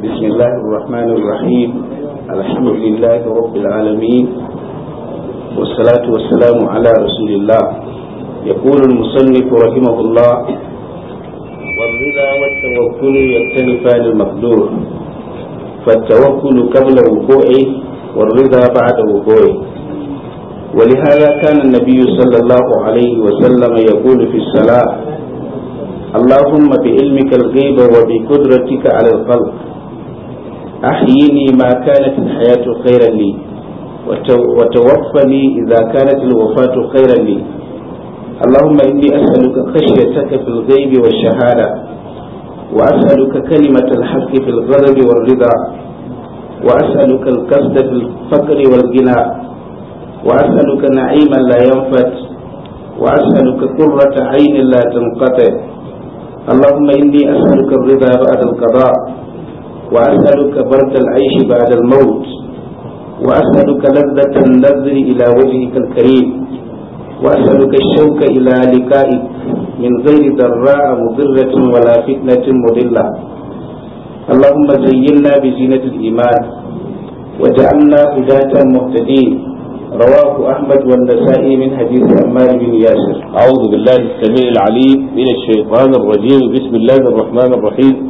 بسم الله الرحمن الرحيم الحمد لله رب العالمين والصلاة والسلام على رسول الله يقول المصنف رحمه الله والرضا والتوكل يختلفان المقدور فالتوكل قبل وقوعه والرضا بعد وقوعه ولهذا كان النبي صلى الله عليه وسلم يقول في الصلاة اللهم بعلمك الغيب وبقدرتك على الخلق أحيني ما كانت الحياة خيرا لي وتوفني إذا كانت الوفاة خيرا لي اللهم إني أسألك خشيتك في الغيب والشهادة وأسألك كلمة الحق في الغضب والرضا وأسألك القصد في الفقر والغنى وأسألك نعيما لا ينفت وأسألك قرة عين لا تنقطع اللهم إني أسألك الرضا بعد القضاء وأسألك برد العيش بعد الموت وأسألك لذة النذر إلى وجهك الكريم وأسألك الشوك إلى لقائك من غير ضراء مضرة ولا فتنة مضلة اللهم زينا بزينة الإيمان وجعلنا هداة مهتدين رواه أحمد والنسائي من حديث عمار بن ياسر أعوذ بالله السميع العليم من الشيطان الرجيم بسم الله الرحمن الرحيم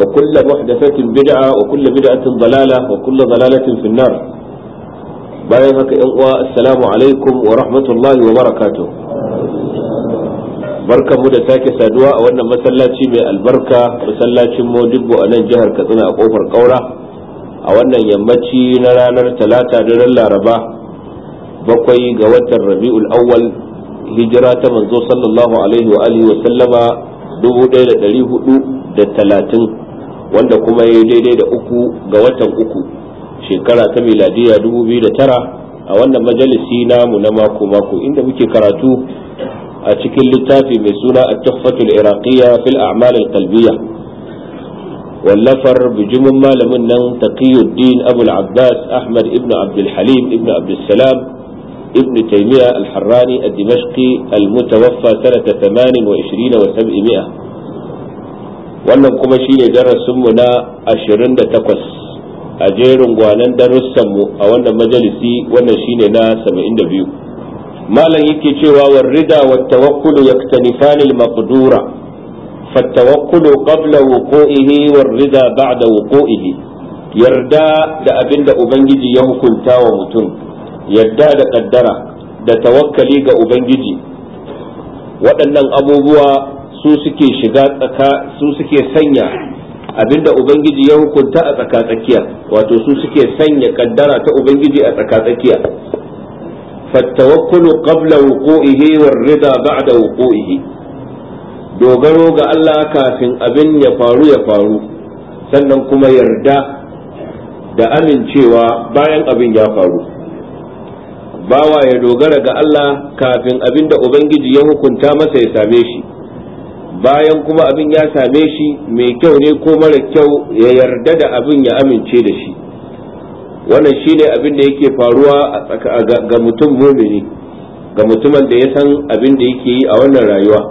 وكل محدثة بدعة وكل بدعة ضلالة وكل ضلالة في النار بايعك السلام عليكم ورحمة الله وبركاته barka mu da sake saduwa a wannan masallaci mai albarka masallacin modibbo a nan jihar katsina a kofar kaura a wannan yammaci na ranar talata da laraba bakwai ga watan rabi'ul awwal hijira ta manzo sallallahu alaihi wa wa sallama dubu ɗaya da ɗari hudu da talatin wanda kuma ya yi daidai da uku ga watan uku shekara ta miladiya dubu biyu da tara a wannan majalisi namu na mako mako inda muke karatu a cikin littafi mai suna a tuhfatul iraqiyya fil a'mal al-qalbiyya wallafar bijimin malamin nan taqiyuddin abu al-abbas ahmad ibnu abdul halim ibnu abdul salam ibn taymiya al-harrani ad-dimashqi al-mutawaffa sanata 28 wa 700 wannan kuma shine darasinmu na 28 a jerin gwanan darussanmu a wannan majalisi wannan shine na 72 malam yake cewa warrida wa tawakkulu yaktanifani al-maqdura فالتوكل قبل وقوعه والرضا بعد وقوعه yarda da abin da ubangiji ya hukunta wa mutum yarda da kaddara da tawakkali ga ubangiji waɗannan abubuwa su suke shiga tsaka su suke sanya abinda ubangiji ya hukunta a tsaka tsakiya wato su suke sanya kaddara ta ubangiji a tsaka tsakiya fattawakkulu qabla wuqu'ihi war rida ba'da wuqu'ihi dogaro ga Allah kafin abin ya faru ya faru sannan kuma yarda da amincewa bayan abin ya faru bawa ya dogara ga Allah kafin abin da ubangiji ya hukunta masa ya same shi bayan kuma abin ya same shi mai kyau ne ko mara kyau ya yarda da abin ya amince da shi wannan shi ne abin da yake faruwa ga mutum mumini ga mutumin da ya san abin da yake yi a wannan rayuwa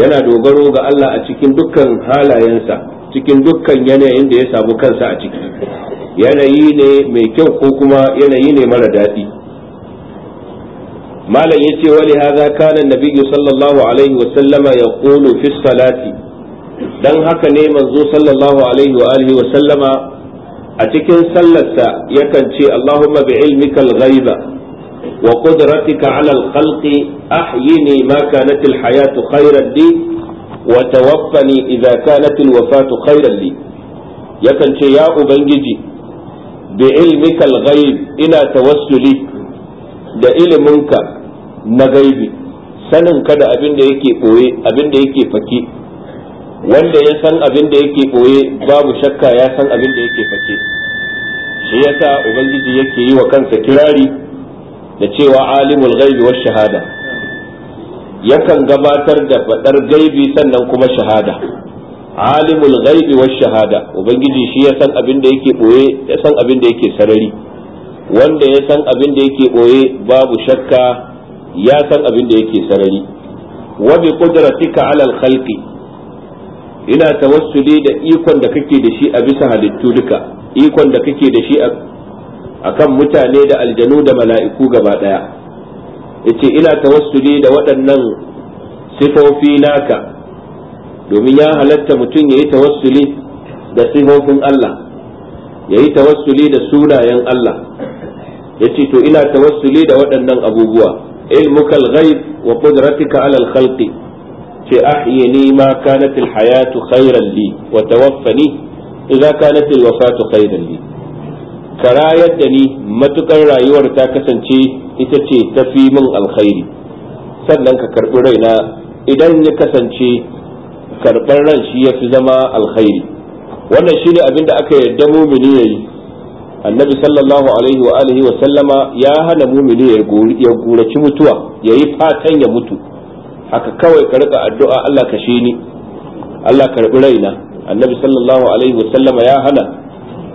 yana dogaro ga Allah a cikin dukkan halayensa cikin dukkan yanayin da ya samu kansa a ciki yanayi ne mai kyau ko kuma yanayi ne mara daɗi malam yace wali hadha kana nabi sallallahu alaihi wa sallama yaqulu fi salati dan haka ne manzo sallallahu alaihi wa alihi wa sallama a cikin sallarsa yakan ce allahumma bi ilmika al-ghaiba wa qudratika ala al-khalqi ahyini ma kanat al-hayatu khayran li wa tawaffani idha kanat al-wafatu khayran li yakan ce ya ubangiji bi ilmika al-ghaib ina tawassuli da iliminka na gaibi sanin kada abin da yake boye abin da yake fake wanda ya san abin da yake boye babu shakka ya san abin da yake fake shi yasa ubangiji yake yi wa kansa kirari da cewa alimul gaibi wa shahada yakan gabatar da fadar gaibi sannan kuma shahada alimul gaibi wa shahada ubangiji shi ya san abin da yake boye ya san abin da yake sarari wanda ya san abin da yake boye babu shakka ya san abin da yake sarari wa bi qudratika ala al-khalqi ina tawassuli da ikon da kake da shi a bisa halittu duka ikon da kake da shi akan mutane da aljanu da mala'iku gaba daya yace ina tawassuli da waɗannan sifofi naka domin ya halatta mutum yayi tawassuli da sifofin Allah yayi tawassuli da sunayen Allah yace to ina tawassuli da waɗannan abubuwa علمك الغيب وقدرتك على الخلق فأحيني ما كانت الحياة خيرا لي وتوفني إذا كانت الوفاة خيرا لي كراية دني متكر رايور تاكسن itace ta fi min alkhairi sannan ka karɓi raina idan ya kasance karɓar ran shi ya zama alkhairi wannan shi ne abinda aka yarda mumini annabi sallallahu alaihi wa alihi wa sallama ya hana mumini ya guraci mutuwa ya yi fatan ya mutu haka kawai ka rika addu'a Allah ka shi ni Allah karbi raina annabi sallallahu alaihi wa sallama ya hana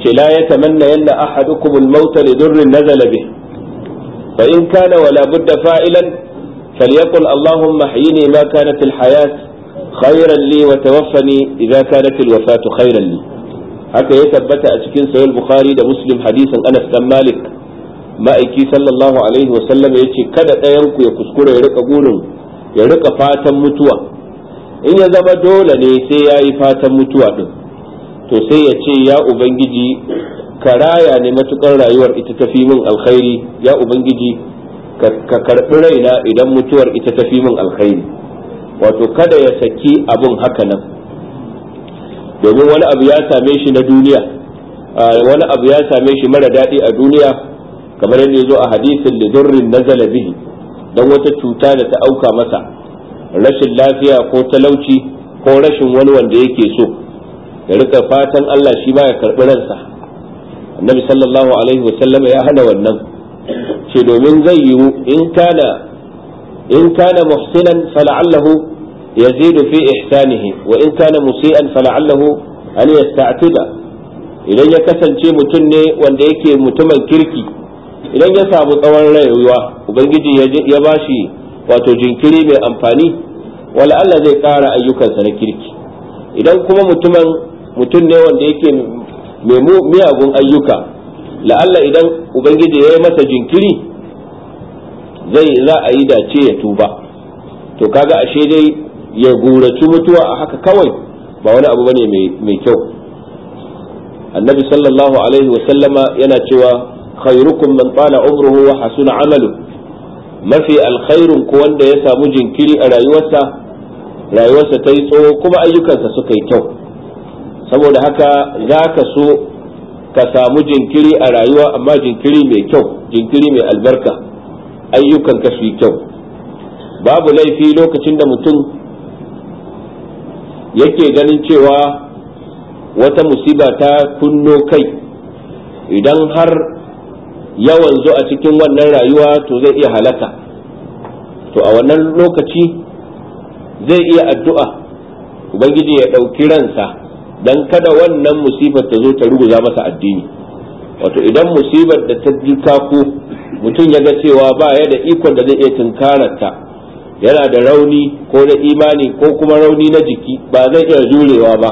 ce la yatamanna yanna ahadukum al-maut li dhurrin nazala bih fa in kana wala budda fa'ilan falyaqul allahumma hyini ma kanat al-hayat خيرا لي وتوفني إذا كانت الوفاة خيرا li. haka ya tabbata a cikin sahih bukhari da muslim hadisin anas dan malik ma'aiki sallallahu alaihi wasallam ya ce kada ɗayan ku ya kuskura ya rika gurin ya rika fatan mutuwa in ya zama dole ne sai ya yi fatan mutuwa din to sai ya ce ya ubangiji ka raya ne matukar rayuwar ita tafi min alkhairi ya ubangiji ka karbi raina idan mutuwar ita tafi min alkhairi wato kada ya saki abun haka nan domin wani abu ya same shi na duniya wani abu ya same shi mara daɗi a duniya kamar yadda ya zo a hadisin lidurrin na zalabihi don wata cuta da ta auka masa rashin lafiya ko talauci ko rashin wani wanda yake so ya rika fatan Allah shi ma ya karɓi ransa annabi sallallahu alaihi wasallam ya hana wannan ce domin zai yiwu in kana in kana muhsinan fala'allahu يزيد في إحسانه وإن كان مسيئا فلعله أن يستعتب idan ya kasance mutum ne wanda yake mutumin kirki idan ya samu tsawon rayuwa ubangiji ya bashi wato jinkiri mai amfani wala Allah zai kara ayyukansa na kirki idan kuma mutum ne wanda yake mai miyagun ayyuka la'alla idan ubangiji ya yi masa jinkiri zai za a yi dace ya tuba to kaga ashe dai ya guraci mutuwa a haka kawai ba wani abu bane mai kyau annabi sallallahu alaihi yana cewa khairukum man tsala umruhu wa hasuna amalu mafi alkhairun ku wanda ya samu jinkiri a rayuwarsa rayuwarsa ta yi tsawo kuma ayyukansa suka yi kyau saboda haka za ka so ka samu jinkiri a rayuwa amma jinkiri mai kyau jinkiri mai albarka ayyukanka su yi kyau babu laifi lokacin da mutum yake ganin cewa wata musiba ta kunno kai idan har yawan zo a cikin wannan rayuwa to zai iya halaka to a wannan lokaci zai iya addu'a ubangiji ya ɗauki ransa don kada wannan musibar ta zo ta ruguza masa addini wato idan musibar da ta ji kako mutum ya ga cewa ba ya da ikon da zai iya tunkararta yana da rauni ko na imani ko kuma rauni na jiki ba zai iya jurewa ba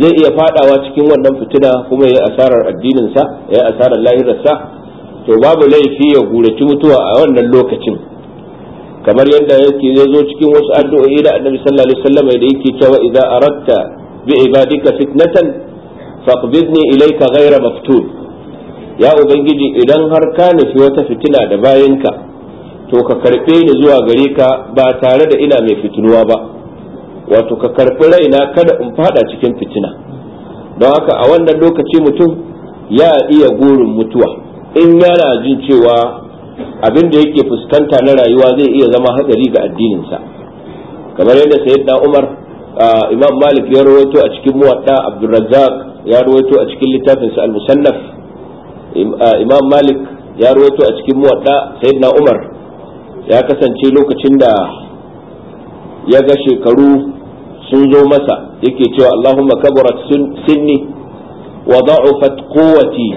zai iya fadawa cikin wannan fitina kuma ya asarar addininsa ya asarar lahirarsa to babu laifi ya guraci mutuwa a wannan lokacin kamar yadda yake zai zo cikin wasu addu'o'i da annabi sallallahu alaihi wasallam da yake cewa idza aratta bi ibadika fitnatan faqbidni ilayka ghayra maftun ya ubangiji idan har ka nufi wata fitina da bayanka to ka karɓe ni zuwa gare ka ba tare da ina mai fitinuwa ba wato ka karɓi raina kada in fada cikin fitina don haka a wannan lokaci mutum ya iya gurin mutuwa in yana jin cewa abin da yake fuskanta na rayuwa zai iya zama hatsari ga addininsa kamar yadda sayyidina umar imam malik ya rawaito a cikin muwadda abdurrazzaq ya rawaito a cikin littafinsa al-musannaf imam malik ya rawaito a cikin muwadda sayyidina umar ya kasance lokacin da ya ga shekaru sun zo masa yake cewa Allahumma kabarat sinni wa da'ufat quwwati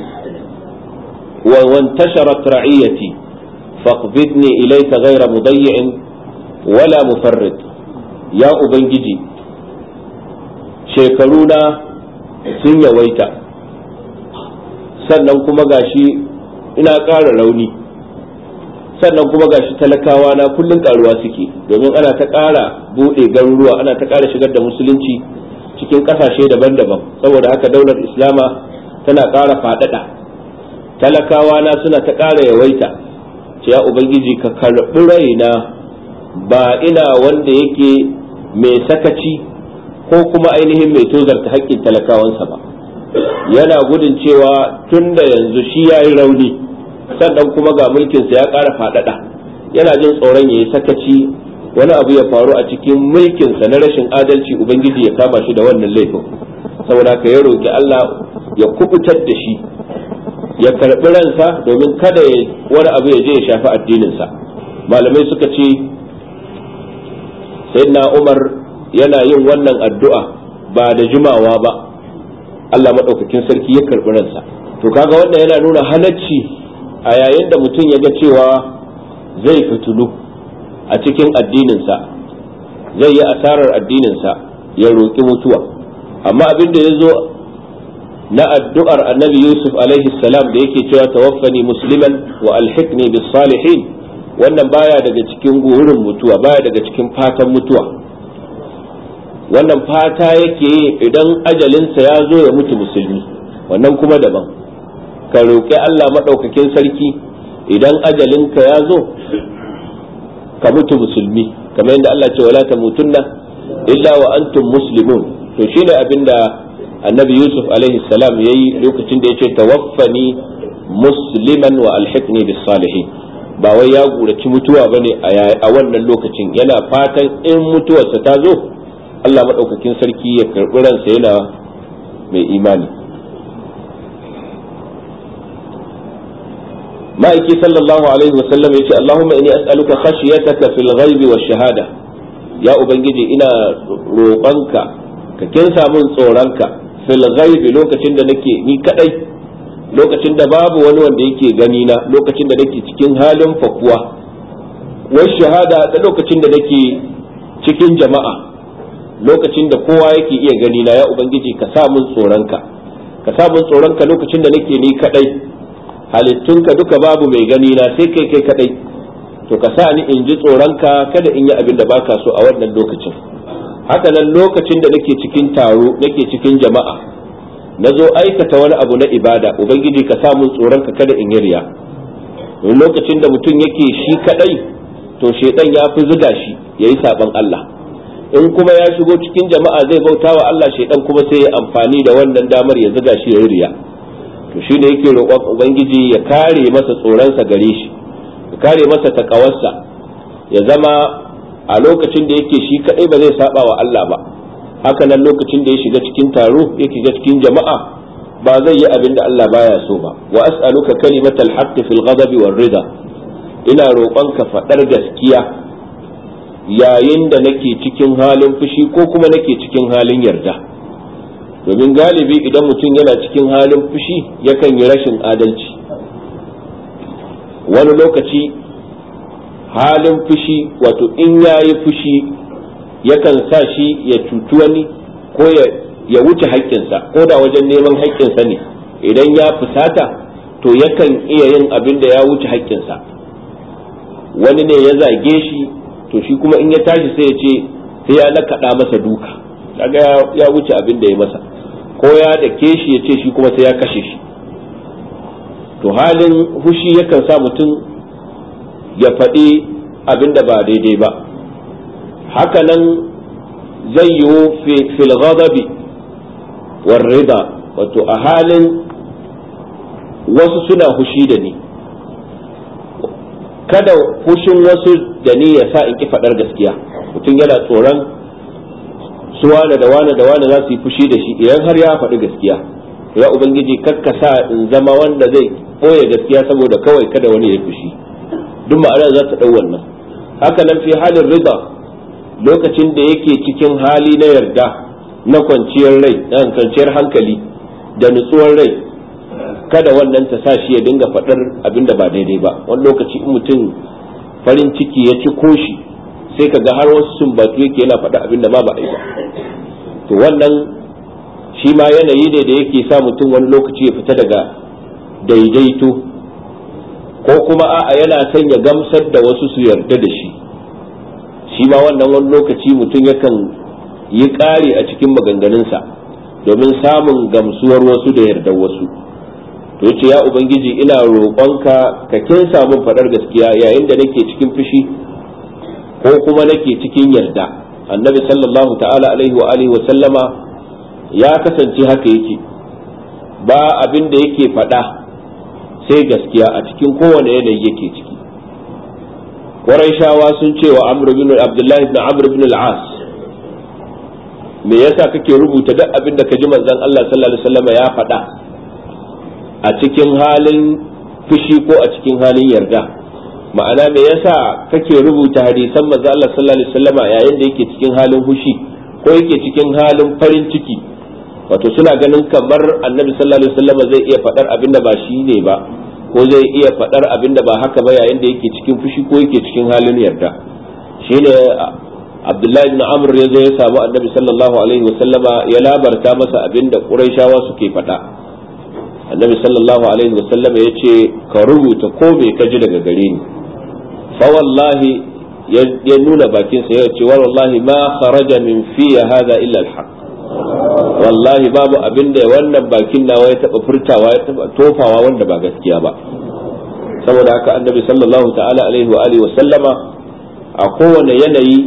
wa wantasharat ra'iyati faqbidni ilayka ghayra mudayyin wala mufarrid ya ubangiji shekaru na sun yawaita sannan kuma gashi ina ƙara rauni sannan kuma gashi talakawa na kullun karuwa suke domin ana ta ƙara buɗe garuruwa ana ta ƙara shigar da musulunci cikin ƙasashe daban-daban saboda haka daular islama tana ƙara faɗaɗa talakawa na suna ta ƙara yawaita ce ubangiji ka karɓi raina ba ina wanda yake mai sakaci ko kuma ainihin mai tozarta haƙƙin talakawansa ba yana gudun cewa tun da yanzu shi ya yi rauni sannan kuma ga mulkinsa ya ƙara faɗaɗa yana jin tsoron ya yi sakaci wani abu ya faru a cikin mulkinsa na rashin adalci ubangiji ya kama shi da wannan laifin saboda ka ya roƙi Allah ya kubutar da shi ya karɓi ransa domin kada wani abu ya je ya shafi addininsa malamai suka ce sayyidina Umar yana yin wannan addu'a ba da jimawa ba Allah maɗaukakin sarki ya karɓi ransa to kaga wannan yana nuna halacci a yayin da mutum ya ga cewa zai fitulu a cikin addininsa zai yi asarar addininsa ya roƙi mutuwa amma abin da ya zo na addu'ar annabi yusuf alaihi salam da yake cewa tawaffani musliman wa alhikni bis salihin wannan baya daga cikin gurin mutuwa baya daga cikin fatan mutuwa wannan fata yake idan ajalinsa ya zo ya mutu musulmi wannan kuma daban ka roƙi Allah maɗaukakin sarki idan ajalinka ya zo ka mutu musulmi kamar yadda Allah ce wala mutunna illa wa antum muslimun to shine da annabi Yusuf alaihi salam yayi lokacin da yace tawaffani musliman wa alhiqni bis salihin ba wai ya gurace mutuwa bane a wannan lokacin yana fatan in mutuwarsa ta zo Allah maɗaukakin sarki ya karɓi ransa yana mai imani ma'aiki sallallahu alaihi wasallam ya ce Allahumma inni as'aluka khashiyataka fil ghaibi wa shahada ya ubangiji ina roƙonka ka kinsa min tsoronka fil ghaibi lokacin da nake ni kadai lokacin da babu wani wanda yake gani na lokacin da nake cikin halin fakuwa wash shahada da lokacin da nake cikin jama'a lokacin da kowa yake iya gani na ya ubangiji ka sa min tsoronka ka sa min tsoronka lokacin da nake ni kadai halittunka duka babu mai gani na sai kai kai kadai to ka sa ni in ji tsoronka kada in yi abin da baka so a wannan lokacin haka nan lokacin da nake cikin taro nake cikin jama'a na zo aikata wani abu na ibada ubangiji ka sa mun tsoronka kada in yi riya lokacin da mutum yake shi kadai to shedan ya fi zuga shi yayi saban Allah in kuma ya shigo cikin jama'a zai bauta wa Allah shedan kuma sai ya amfani da wannan damar ya zuga shi ya yi riya to shi da yake roƙon ubangiji ya kare masa tsoronsa gare shi ya kare masa takawarsa ya zama a lokacin da yake shi kaɗai ba zai saba wa Allah ba haka nan lokacin da ya shiga cikin taro ya shiga cikin jama'a ba zai yi abin da Allah baya so ba wa as'aluka kalimatal haqqi fil ghadabi war rida ina ka faɗar gaskiya yayin da nake cikin halin fushi ko kuma nake cikin halin yarda domin galibi idan mutum yana cikin halin fushi yakan yi rashin adalci wani lokaci halin fushi wato in ya yi fushi yakan sa shi ya cutu wani ko ya wuce haƙƙinsa ko da wajen neman haƙƙinsa ne idan ya fusata to yakan iya yin abin da ya wuce haƙƙinsa wani ne ya zage shi to shi kuma in ya tashi sai ya ce sai ya lakaɗa masa duka kaga ya wuce abin da ya masa ko ya da shi ya ce shi kuma sai ya kashe shi to halin hushi yakan sa mutum ya faɗi abin da ba daidai ba haka nan zai yi fil ghadabi wato a halin wasu suna hushi da ni kada hushin wasu da ni ya sa in ki faɗar gaskiya mutum yana tsoron su wane da wane da wane za su yi fushi da shi idan har ya faɗi gaskiya ya ubangiji kakka sa in zama wanda zai ɓoye gaskiya saboda kawai kada wani ya fushi duk ma'ana za ta ɗau wannan haka nan fi halin riba lokacin da yake cikin hali na yarda na kwanciyar rai na kwanciyar hankali da nutsuwar rai kada wannan ta sa shi ya dinga faɗar abinda ba daidai ba wani lokaci in mutum farin ciki ya ci koshi sai ka ga har wasu batu yake yana faɗa abin da ma ba ba to wannan shi ma yanayi ne da yake sa mutum wani lokaci ya fita daga daidaito ko kuma a'a yana son ya gamsar da wasu su yarda da shi shi ma wannan wani lokaci mutum yakan yi ƙari a cikin maganganunsa domin samun gamsuwar wasu da yardar wasu to ce ya ubangiji ina roƙonka ka kinsa min faɗar gaskiya yayin da nake cikin fushi ko kuma nake cikin yarda annabi sallallahu ta'ala alaihi wa alihi wa sallama ya kasance haka yake ba abin da yake faɗa sai gaskiya a cikin kowane yanayi yake ciki shawa sun ce wa amr bin abdullah ibn amr ibn al-as me yasa kake rubuta duk abin da ka ji manzon Allah sallallahu alaihi wasallam ya faɗa a cikin halin fushi ko a cikin halin yarda ma'ana me yasa kake rubuta hadisan manzo Allah sallallahu alaihi wasallama yayin da yake cikin halin hushi ko yake cikin halin farin ciki wato suna ganin kamar annabi sallallahu alaihi wasallama zai iya faɗar abin da ba shi ne ba ko zai iya faɗar abin da ba haka ba yayin da yake cikin fushi ko yake cikin halin yarda shine Abdullahi ibn Amr ya zo ya samu annabi sallallahu alaihi wasallama ya labarta masa abin da Qurayshawa suke faɗa annabi sallallahu alaihi wasallama ya ce ka rubuta ko me ka ji daga gare ni fa wallahi ya nuna bakinsa ya ce wallahi ma faraja min fi hadha illa al wallahi babu abin da wannan bakin nawa ya taba furtawa ya taba tofawa wanda ba gaskiya ba saboda haka annabi sallallahu ta'ala alaihi wa alihi wa sallama a kowane yanayi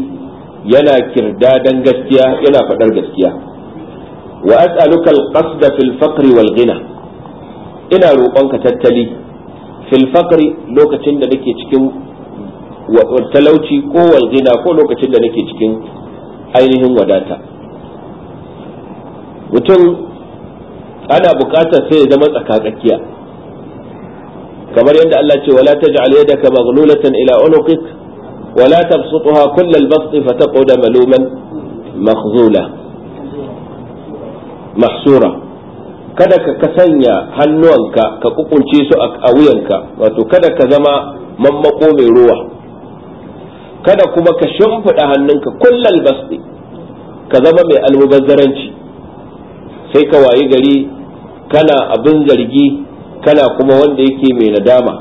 yana kirdadan gaskiya yana faɗar gaskiya wa as'aluka al-qasd fil faqr wal ghina ina roƙonka tattali fil lokacin da nake cikin talauci ko gina ko lokacin da nake cikin ainihin wadata mutum ana bukatar sai ya zama tsakatsakiya kamar yadda Allah ce wala taj'al yadaka maghlulatan ila unuqik wala tabsutha kull al-bast fataqud maluman makhzula mahsura kada ka sanya hannuwanka ka kukunce su a wuyanka wato kada ka zama mammako mai ruwa kada kuma ka shimfiɗa hannunka kullal basti ka zama mai almubazzaranci sai ka wayi gari kana abin zargi kana kuma wanda yake mai nadama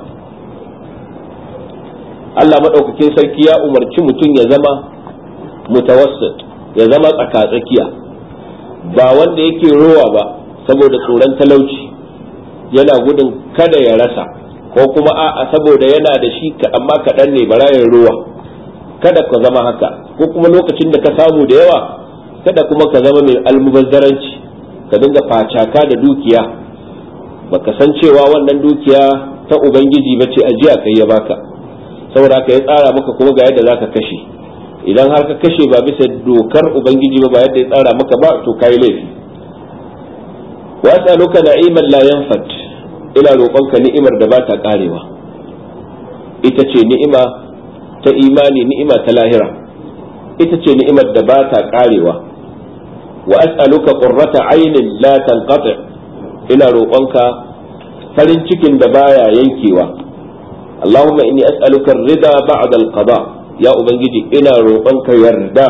Allah maɗaukakin sarki ya umarci mutum ya zama mutawassit ya zama tsakatsakiya ba wanda yake rowa ba saboda tsoron talauci yana gudun kada ya rasa ko kuma a'a saboda yana da shi amma kaɗan ne barayin ruwa. rowa kada ka zama haka ko kuma lokacin da ka samu da yawa kada kuma ka zama mai almubazzaranci ka dinga facaka da dukiya baka san cewa wannan dukiya ta ubangiji ba ce ajiya kai ya baka saboda ka ya tsara maka kuma ga yadda zaka kashe idan har ka kashe ba bisa dokar ubangiji ba ba yadda ya tsara maka ba to kai laifi wa as'aluka na'iman la yanfat ina roƙonka ni'imar da ba ta karewa ita ce ni'ima ta imani ni'ima ta lahira ita ce ni'imar da ba ta karewa wa as'aluka qurrata aynin la tanqati ina roƙonka farin cikin da baya yankewa Allahumma inni as'aluka ar-rida ba'da al-qada ya ubangiji ina roƙonka yarda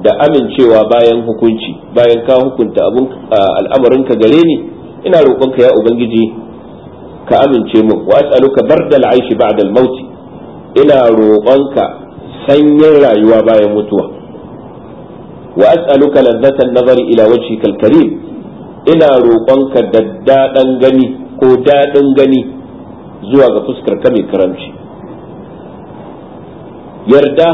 da amincewa bayan hukunci bayan ka hukunta abun gare ni ina roƙonka ya ubangiji ka amince mu wa as'aluka bardal aishi ba'da al-mauti ina roƙonka sanyin rayuwa bayan mutuwa wa as'aluka ladzatan nazari ila wajhikal karim ina roƙonka daddaɗan gani ko daɗin gani zuwa ga fuskar ka mai karamci yarda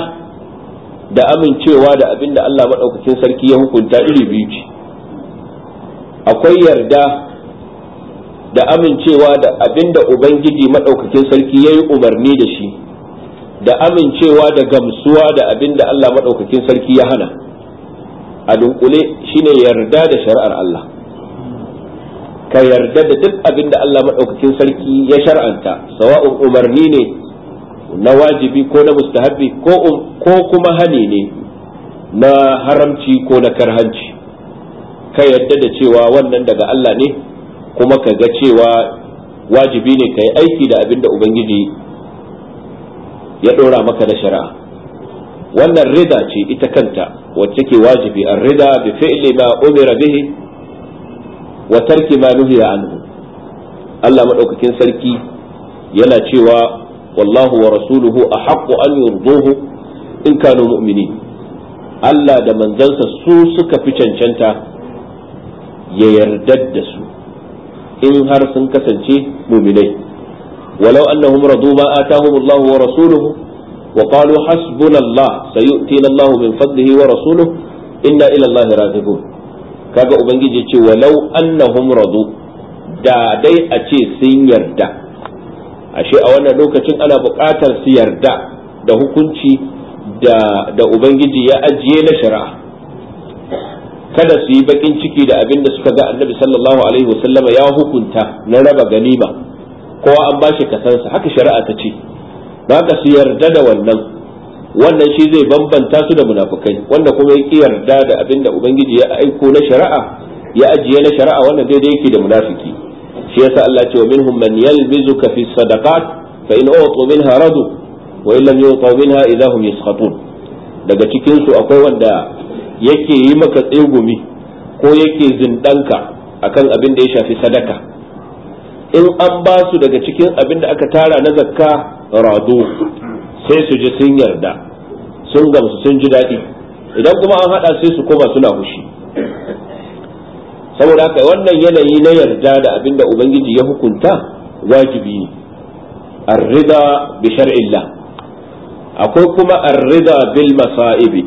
da amincewa da abin Allah maɗaukakin sarki ya hukunta iri biyu ce akwai yarda da amincewa da abin Ubangiji maɗaukakin sarki ya yi umarni da shi da amincewa da gamsuwa da abin da Allah maɗaukakin sarki ya hana a dunkule shine yarda da shari'ar Allah ka yarda da duk abin da Allah maɗaukakin sarki ya shar'anta sawa'un umarni ne na wajibi ko na mustahabbi ko um, kuma hani ne na haramci ko na karhanci ka yarda da cewa wannan daga Allah ne kuma ka ga cewa wajibi ne ka yi aiki da abin da Ubangiji ya ɗora maka na shari'a wannan rida ce ita kanta wacce ke wajibi an rida bi fi'li ma umira bihi wa tarki ma nuhiya anhu Allah madaukakin sarki yana cewa wallahu wa rasuluhu ahaqqu an yurduhu in kanu mu'minin Allah da manzansa su suka fi cancanta ya yarda da su in har sun kasance muminai ولو أنهم رضوا ما آتاهم الله ورسوله وقالوا حسبنا الله سيؤتينا الله من فضله ورسوله إنا إلى الله راغبون kaga ubangiji ya ce walau annahum radu da dai a ce sun yarda ashe a wannan lokacin ana buƙatar su yarda da hukunci da ubangiji ya ajiye na shari'a kada su yi bakin ciki da abinda suka ga annabi sallallahu alaihi wasallama ya hukunta na raba ganima kowa an bashi kasansa haka shari'a ta ce ba ka su yarda da wannan wannan shi zai bambanta su da munafukai wanda kuma ya yarda da abin da ubangiji ya aiko na shari'a ya ajiye na shari'a wannan daidai yake da munafuki. shi yasa Allah ce wa minhum man yalmizuka fi sadaqat fa in utu minha radu wa in yutu minha idahum yaskhatun daga cikin su akwai wanda yake yi maka tsegumi ko yake zindanka akan abin da ya shafi sadaka in an ba su daga cikin abin da aka tara na zakka rado sai su ji sun yarda sun gamsu sun ji daɗi idan kuma an haɗa sai su koma suna hushi saboda haka wannan yanayi na yarda da abin da ubangiji ya hukunta wajibi ne arrida bi shar'illah akwai kuma arrida bil masa'ibi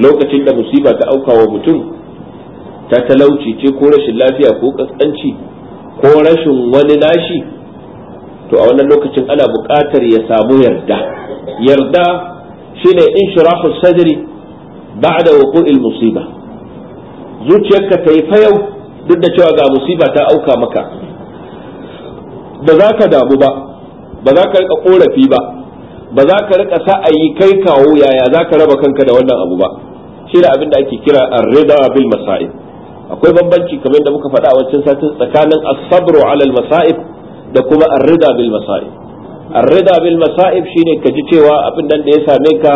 lokacin da musiba ta auka wa mutum ta talauci ce ko rashin lafiya ko kaskanci ko rashin wani nashi to a wannan lokacin ana buƙatar ya samu yarda yarda shine inshirahu sadri ba'da wuqu'il musiba zuciyarka ta yi fayau duk da cewa ga musiba ta auka maka ba za ka damu ba ba za ka rika korafi ba ba za ka rika sa'ayi kai kawo yaya za ka raba kanka da wannan abu ba shi da abin da ake kira ar-rida bil masa'ib akwai bambanci kamar da muka faɗa wancan satin tsakanin as-sabru 'ala al-masa'ib da kuma ar-rida bil masa'ib ar-rida bil masa'ib shine ka ji cewa abin nan da ya same ka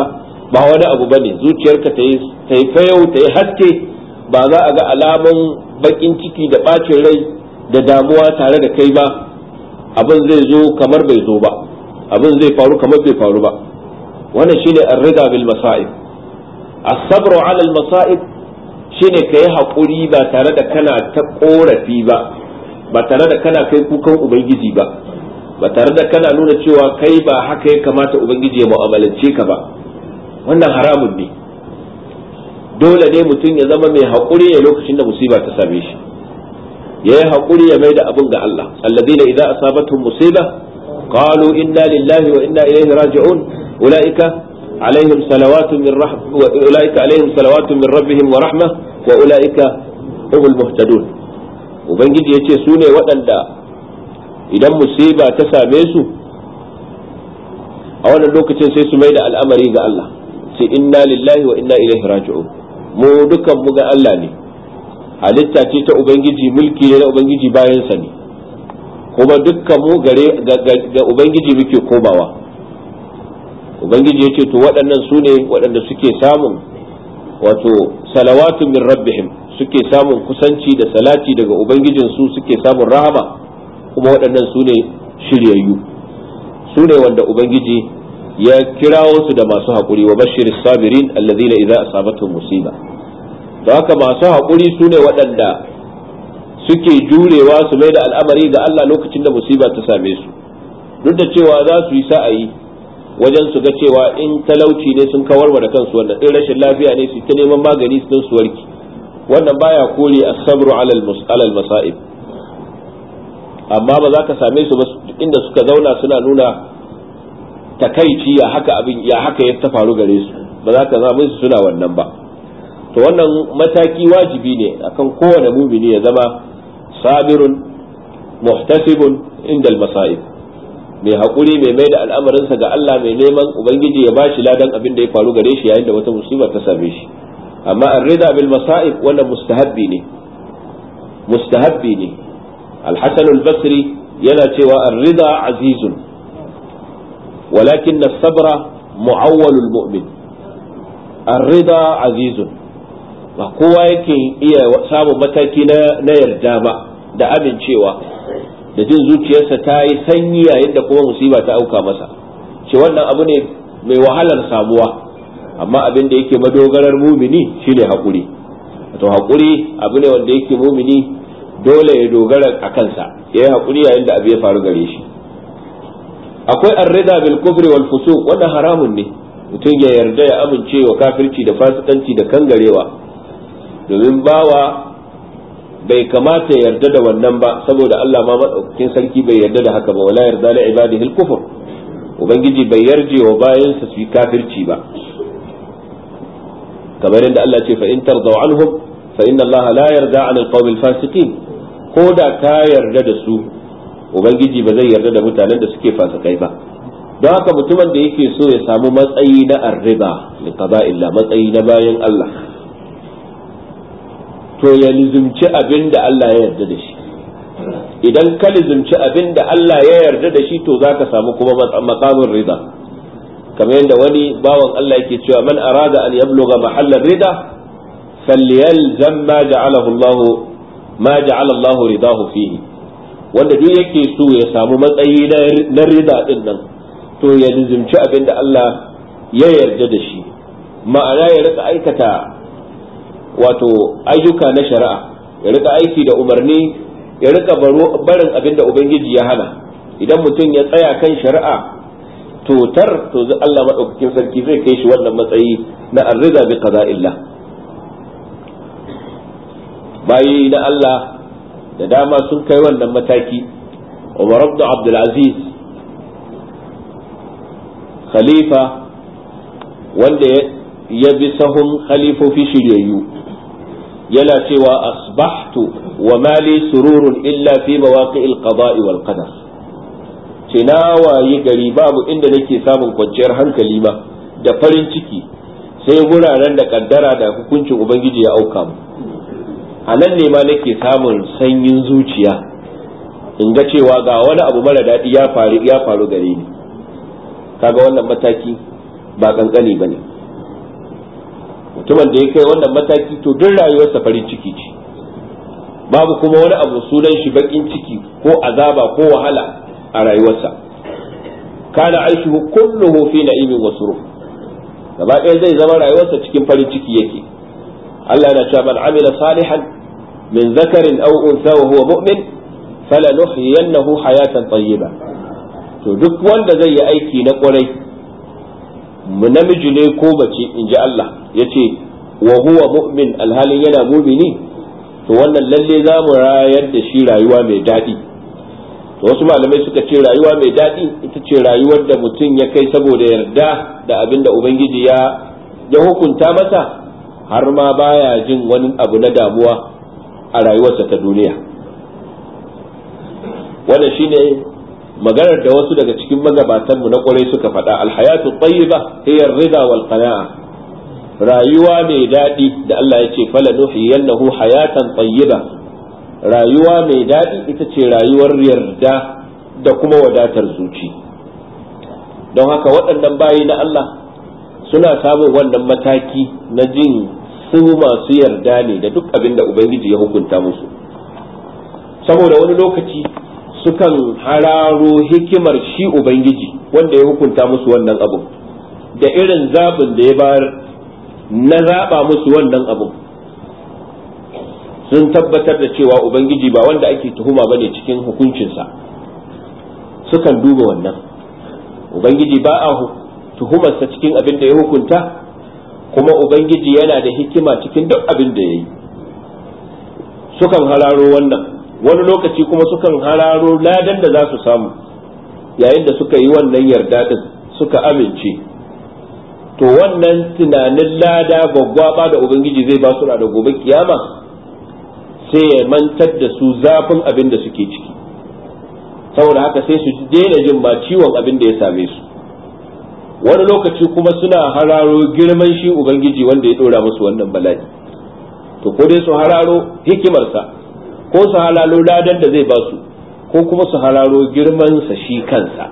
ba wani abu bane zuciyarka ta yi ta yi fayau ta yi haske ba za a ga alamun bakin ciki da bacin rai da damuwa tare da kai ba abin zai zo kamar bai zo ba abin zai faru kamar bai faru ba wannan shine ar-rida bil masa'ib as-sabru 'ala al-masa'ib shine ka yi haƙuri ba tare da kana ta ƙorafi ba ba tare da kana kai kukan ubangiji ba ba tare da kana nuna cewa kai ba haka ya kamata ubangiji ya mu'amalance ka ba wannan haramun ne dole ne mutum ya zama mai haƙuri ya lokacin da musiba ta same shi ya yi haƙuri ya mai da abin ga Allah alladhina idza asabatun musiba qalu inna lillahi wa inna ilaihi raji'un ulaika عليهم salawatu min rahmah wa ulaika wa rahmah wa ulaika humul muhtadun ubangiji yace su ne waɗanda idan ba ta same su a wannan lokacin sai su mai da al'amari ga Allah lillahi wa mu mu ga Allah ne halitta ce ta ubangiji mulki ne na ubangiji bayansa ne kuma dukkan mu gare ga ubangiji muke komawa ubangiji ya ce to waɗannan su ne waɗanda suke samun wato salawatu min rabbihim suke samun kusanci da salati daga ubangijin su suke samun rahama kuma waɗannan su ne shiryayyu su ne wanda ubangiji ya kirawo su da masu haƙuri wa bashiris sabirin allazina idza asabatuhum musiba da haka masu haƙuri su ne waɗanda suke jurewa su mai da al'amari ga Allah lokacin da musiba ta same su duk da cewa za su yi sa'ayi wajen su ga cewa in talauci ne sun kawar da kansu wannan in rashin lafiya ne su ta neman magani su su warki wannan baya kore a sabru alal al-masa'ib amma ba za ka same su ba inda suka zauna suna nuna takaici ya haka abin ya haka ya ta faru gare su ba za ka same su suna wannan ba to wannan mataki wajibi ne akan kowane mumini ya zama sabirun muhtasibun inda al-masa'ib mai haƙuri mai mai da al'amarinsa ga Allah mai neman ubangiji ya bashi ladan abin da ya faru gare shi yayin da wata musiba ta same shi amma ar-rida bil masa'ib wannan mustahabbi ne mustahabbi ne al-hasan al-basri yana cewa ar-rida azizun walakin as-sabra mu'awwal al-mu'min ar-rida azizun ba kowa yake iya samun mataki na yarda ba da amincewa da jin zuciyarsa ta yi sanyi yayin da kuma musiba ta auka masa ce wannan abu ne mai wahalar samuwa amma abin da yake madogarar mumini shine hakuri to hakuri abu ne wanda yake mumini dole ya dogara a kansa ya yi hakuri yayin da abu ya faru gare shi akwai arrida bil kufri wal fusuq wanda haramun ne mutum ya yarda ya amince wa kafirci da fasikanci da kangarewa domin bawa bai kamata ya yarda da wannan ba saboda Allah ma madaukakin sarki bai yarda da haka ba wala yarda li ibadihi al-kufr ubangiji bai yarje wa bayansa su yi kafirci ba kamar yadda Allah ce fa in tardaw anhum fa inna Allah la yarda an al-qawm al-fasiqin ko da ka yarda da su ubangiji ba zai yarda da mutanen da suke fasikai ba don haka mutumin da yake so ya samu matsayi na arriba li qada'illah matsayi na bayan Allah to ya lizimci abin da Allah ya yarda da shi idan ka lizimci abin da Allah ya yarda da shi to zaka samu kuma makamin rida kamar yadda wani bawan Allah yake cewa man arada an yabluga mahallar rida falyalzam zan ja'alahu Allah ma ja'ala ridahu fihi wanda duk yake so ya samu matsayi na rida din nan to ya lizimci abin da Allah ya yarda da shi ma'ana ya rika aikata wato ayyuka na shari'a ya rika aiki da umarni ya rika barin abin da ubangiji ya hana idan mutum ya tsaya kan shari'a to tar to Allah maɗaukakin sarki zai kai shi wannan matsayi na arriza bi qada'illah bayi na Allah da dama sun kai wannan mataki Umar ibn Abdul Aziz khalifa wanda ya bi sahun khalifofi shiryayyu yana cewa asbahtu wa mali sururun illa fi mawaqi'il qada'i wal qadar ce na gari babu inda nake samun kwanciyar hankali ba da farin ciki sai wuraren da kaddara da hukuncin ubangiji ya auka mu a nan ne ma nake samun sanyin zuciya in ga cewa ga wani abu mara daɗi ya faru ya faru gare ni kaga wannan mataki ba kankani bane mutumin da ya kai wannan mataki to duk rayuwarsa farin ciki ce babu kuma wani abu sunan shi bakin ciki ko azaba ko wahala a rayuwarsa kana aishuhu kulluhu fi na'imin wa surur gaba ɗaya zai zama rayuwarsa cikin farin ciki yake Allah yana cewa man amila salihan min zakarin aw untha wa huwa mu'min falanuhyiyannahu hayatan tayyiba to duk wanda zai yi aiki na ƙwarai Mu namiji ne ko mace in ji Allah ya ce wa huwa mu'min alhalin yana mumini to wannan lalle za mu rayar da shi rayuwa mai daɗi to wasu malamai suka ce rayuwa mai daɗi ita ce rayuwar da mutum ya kai saboda yarda da abin da ubangiji ya ya hukunta masa har ma baya jin wani abu na damuwa a rayuwarsa ta duniya wannan shine maganar da wasu daga cikin magabatan mu na kwarai suka faɗa alhayatu tayyiba hiya rida wal qana'a rayuwa mai daɗi da Allah ya ce fala nuhiyannahu hayatan tayyiba rayuwa mai daɗi ita ce rayuwar yarda da kuma wadatar zuci don haka waɗannan bayi na Allah suna samun wannan mataki na jin su masu yarda ne da duk abin da Ubangiji ya hukunta musu saboda wani lokaci sukan hararo hikimar shi ubangiji wanda ya hukunta musu wannan abu da irin zaɓin da ya bayar na zaɓa musu wannan abu sun tabbatar da cewa ubangiji ba wanda ake tuhuma bane cikin hukuncinsa sukan duba wannan ubangiji ba a tuhumarsa cikin abin da ya hukunta kuma ubangiji yana da hikima cikin duk abin da ya yi sukan hararo wannan wani lokaci kuma sukan hararo ladan da za su samu yayin da suka yi wannan yarda da suka amince to wannan tunanin lada gwaggwaba da ubangiji zai ba su da gobe kiyama sai ya mantar da su zafin abin da suke ciki saboda haka sai su daina jin ba ciwon abin da ya same su wani lokaci kuma suna hararo girman shi ubangiji wanda ya dora musu wannan bala'i to ko dai su hararo hikimarsa ko su halalo ladan da zai ba su ko kuma su halaro girman sa shi kansa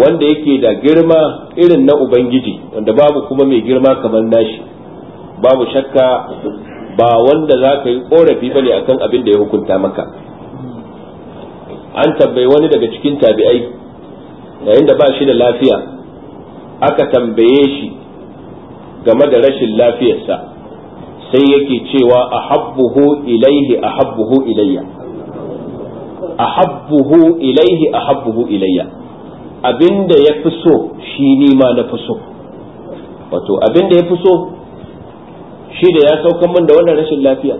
wanda yake da girma irin na ubangiji wanda babu kuma mai girma kamar nashi babu shakka ba wanda za ka yi korafi ba ne akan abin da ya hukunta maka an tambayi wani daga cikin tabi'ai yayin da ba shi da lafiya aka tambaye shi game da rashin lafiyarsa sai yake cewa ahabbuhu ilaihi ahabbuhu ilayya ahabbuhu ilaihi ahabbuhu ilayya abinda ya fi so shi ni ma na fi so wato abinda ya fi so shi da ya saukan min da wannan rashin lafiya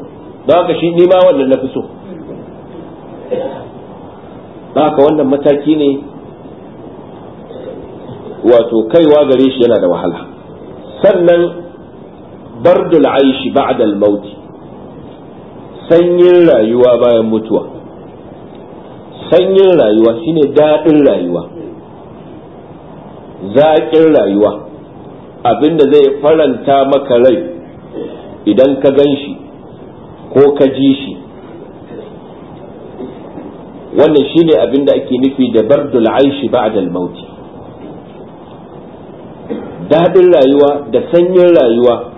don haka shi ni ma wannan na fi so don haka wannan mataki ne wato kaiwa gare shi yana da wahala sannan bardul aishi ba'da al-maut sanyin rayuwa bayan mutuwa sanyin rayuwa shine daɗin rayuwa zaƙin rayuwa abinda zai faranta maka rai idan ka gan shi ko ka ji shi wannan shine abinda ake nufi da bardul aishi ba'da al-maut daɗin rayuwa da sanyin rayuwa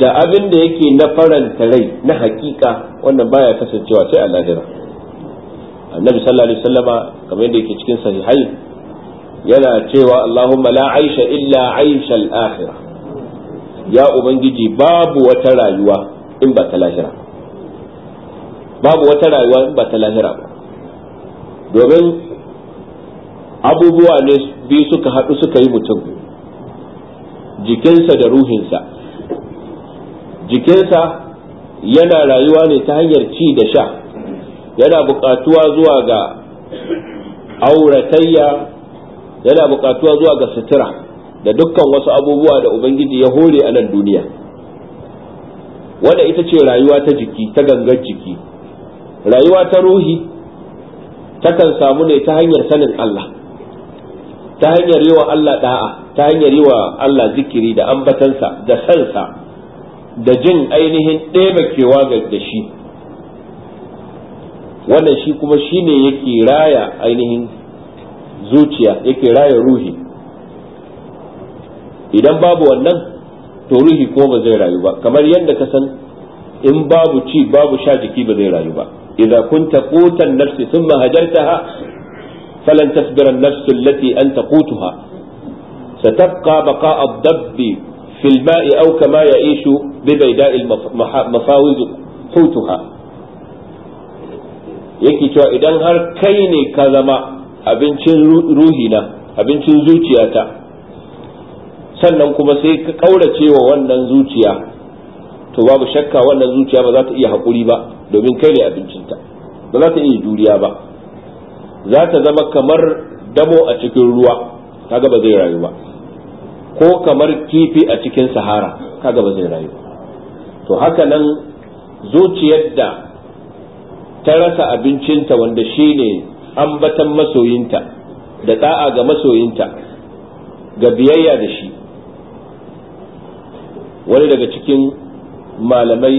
da abin da yake na faranta rai na hakika wannan baya kasancewa sai a lahira annabi sallallahu alaihi wasallama kamar yadda yake cikin sahihai yana cewa allahumma la aisha illa aisha al-akhirah ya ubangiji babu wata rayuwa in ba ta lahira babu wata rayuwa in ba ta lahira ba domin abubuwa ne biyu suka haɗu suka yi mutum jikinsa da ruhinsa jikinsa yana rayuwa ne ta hanyar ci da sha yana buƙatuwa zuwa ga auratayya yana buƙatuwa zuwa ga sutura da dukkan wasu abubuwa da ubangiji ya hore a nan duniya wanda ita ce rayuwa ta jiki ta gangar jiki rayuwa ta ruhi takan samu ne ta hanyar sanin Allah ta hanyar yi wa Allah da'a ta hanyar yi wa Allah zikiri da ambatansa da sansa da jin ainihin ga da shi wannan shi kuma shi ne yake raya ainihin zuciya yake raya ruhi idan babu wannan to ruhi ko ba zai rayu ba kamar yadda ka san in babu ci babu sha jiki ba zai rayu ba idza kunta qutan nafsi thumma hajartaha falan tasbira an-nafs allati anta qutuha ستبقى بقاء الضب fil ma'i aw kama ya'ishu bi bayda'il mafawiz yake cewa idan har kai ne ka zama abincin ruhina abincin zuciyata sannan kuma sai ka ƙaurace wa wannan zuciya to babu shakka wannan zuciya ba za ta iya haƙuri ba domin kai ne abincinta ba za ta iya juriya ba za ta zama kamar damo a cikin ruwa kaga ba zai rayu ba ko kamar kifi a cikin sahara kaga ba zai rayu to haka nan zuciyar da ta rasa abincinta wanda shine ambatan masoyinta da da'a ga masoyinta ga biyayya da shi wani daga cikin malamai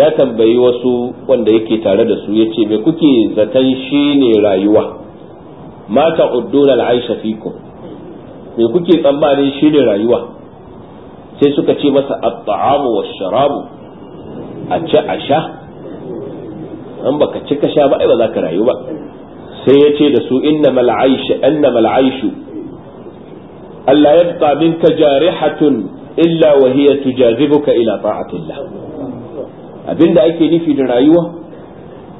ya tambayi wasu wanda yake tare da su ya ce me kuke zaton shi ne rayuwa mata udduna Aisha fikum me kuke tsammanin shi ne rayuwa sai suka ce masa at-ta'amu wash-sharabu a ci a sha an baka ci ka sha ba ai ba za ka rayu ba sai ya ce da su innamal aishu innamal aishu Allah yabqa minka jarihatun illa wa hiya tujadibuka ila ta'atillah abinda ake nufi da rayuwa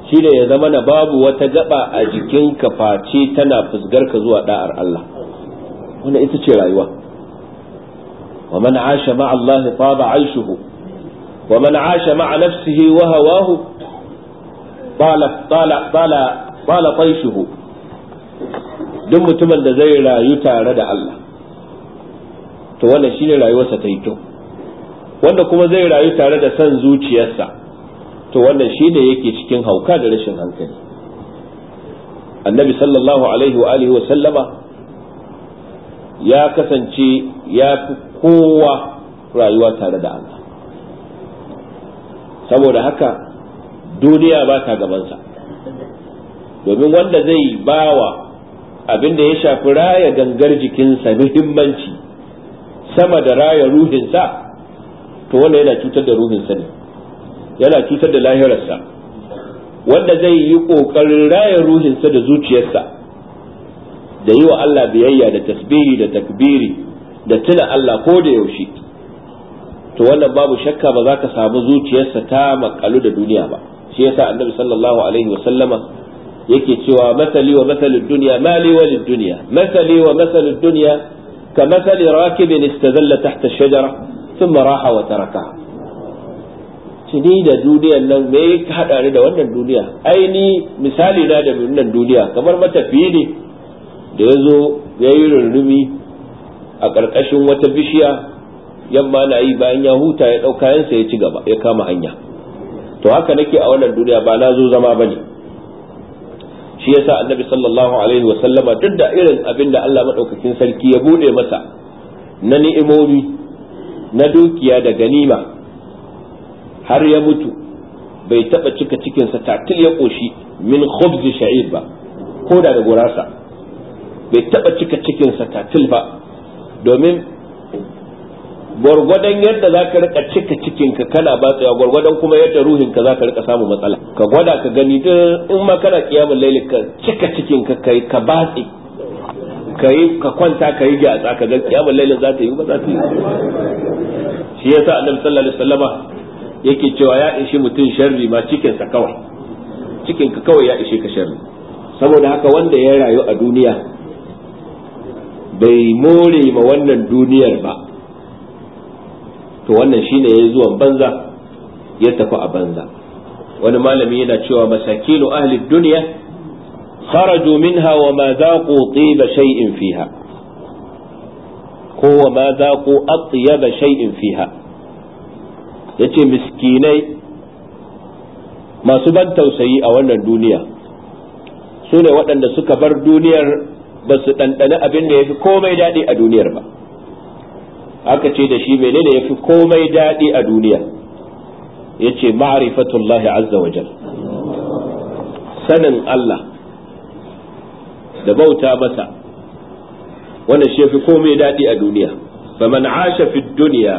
shine ya zama na babu wata gaba a jikinka face tana fusgarka zuwa da'ar Allah wanda ita ce rayuwa wa man asha ma'a Allah taba aishuhu wa man asha ma'a nafsihi wa hawahu tala tala tala tala mutumin da zai rayu tare da Allah to wannan rayuwarsa ta wanda kuma zai rayu tare da san zuciyarsa to wannan ne yake cikin hauka da rashin hankali annabi sallallahu alaihi wa alihi wa sallama ya kasance ya fi kowa rayuwa tare da Allah saboda haka duniya ba ta gabansa domin wanda zai bawa abin da ya shafi raya gangar jikinsa muhimmanci sama da raya ruhinsa to wanda yana cutar da ruhinsa ne yana cutar da lahirarsa wanda zai yi ƙoƙarin raya ruhinsa da zuciyarsa da yi wa Allah biyayya da tasbihi da takbiri da tuna Allah ko da yaushe to wannan babu shakka ba za ka samu zuciyarsa ta makalu da duniya ba shi yasa annabi sallallahu alaihi wa sallama yake cewa masali wa masalin duniya mali wa duniya masali wa masalin duniya ka masali rakibin istazalla tahta shajara thumma raha wa tarakaha Tuni da duniyan nan me ka hada ni da wannan duniya ai ni misali na da wannan duniya kamar matafiyi ne da ya zo ya yi rundumi a ƙarƙashin wata bishiya yamma na yi bayan ya huta ya ɗau kayansa ya ci gaba ya kama hanya to haka nake a wannan duniya ba na zo zama ba ne shi yasa annabi sallallahu alaihi wa sallama duk da irin abin da Allah madaukakin sarki ya buɗe masa na ni'imomi na dukiya da ganima har ya mutu bai taɓa cika cikinsa tatil ya koshi min khubz sha'ir ba ko da da gurasa bai taba cika cikinsa katil ba domin gwargwadon yadda za ka rika cika cikinka kana batsewa gwargwadon kuma yadda ruhinka za ka rika samun matsala ka gwada ka gani duk in ma kana kiyamun laili ka cika cikinka kai ka batse ka yi ka kwanta ka yi gyatsa ka ga kiyamun lailin za ta yi ba za ta yi shi yasa annabi sallallahu alaihi wasallama yake cewa ya ishi mutum sharri ma cikinsa kawai cikinka kawai ya ishe ka sharri saboda haka wanda ya rayu a duniya bai more ma wannan duniyar ba to wannan shine yayi zuwan banza ya tafi a banza wani malami yana cewa masakinu ahli duniya. kharaju minha wa ma zaqu tiba shay'in fiha ko wa ma zaqu atyaba shay'in fiha yace miskinai masu ban tausayi a wannan duniya su ne waɗanda suka bar duniyar ba su ɗanɗani abin da ya fi komai daɗi a duniyar ba aka ce da shi menene ya fi komai daɗi a duniya ya ce ma'arifatullahi azza wa jal sanin Allah da bauta masa wanda shi ya fi komai daɗi a duniya faman asha fi duniya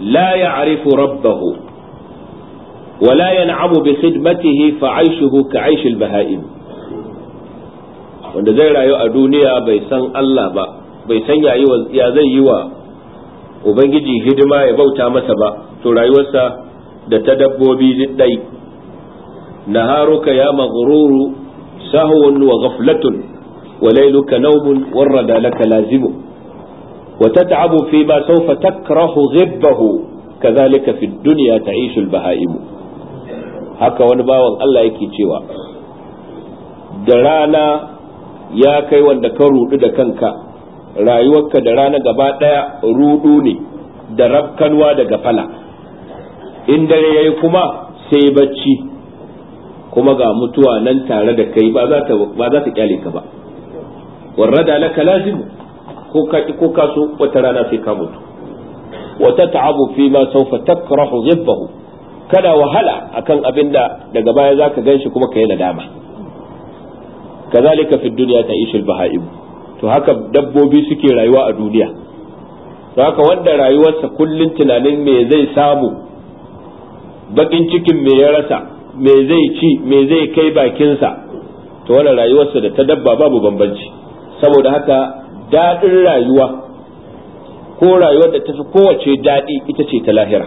la ya'rifu rabbahu ولا ينعم بخدمته فعيشه كعيش البهائم wanda zai rayu a duniya bai san Allah ba bai san ya zai yi wa ubangiji hidima ya bauta masa ba to rayuwarsa da ta dabbobi ɗai naharuka ya maghruru sahwun wa ghaflatun wa lailuka nawmun warrada laka lazimu wa tat'abu fi ma sawfa takrahu ghibbahu kadhalika fi dunya ta'ishu al-bahaimu haka wani bawan Allah yake cewa da rana ya kai wanda ka rudu da kanka rayuwarka da rana gaba daya rudu ne da rafkanwa daga gafala in dare yayi kuma sai bacci kuma ga mutuwa nan tare da kai ba za ta ba za ta kyale ka ba warrada laka lazim ko ka so wata rana sai ka mutu Wata ta'abu fi ma sawfa takrahu zibbahu kada wahala akan abinda daga baya zaka ganshi kuma ka yi nadama dama kazalika fi dunya ta al-baha'im to haka dabbobi suke rayuwa a duniya To haka wanda rayuwarsa kullun tunanin me zai samu bakin cikin me ya rasa me zai ci me zai kai bakinsa to wannan rayuwarsa da ta dabba babu bambanci saboda haka daɗin rayuwa ko rayuwar da ta fi kowace daɗi ita ce ta lahira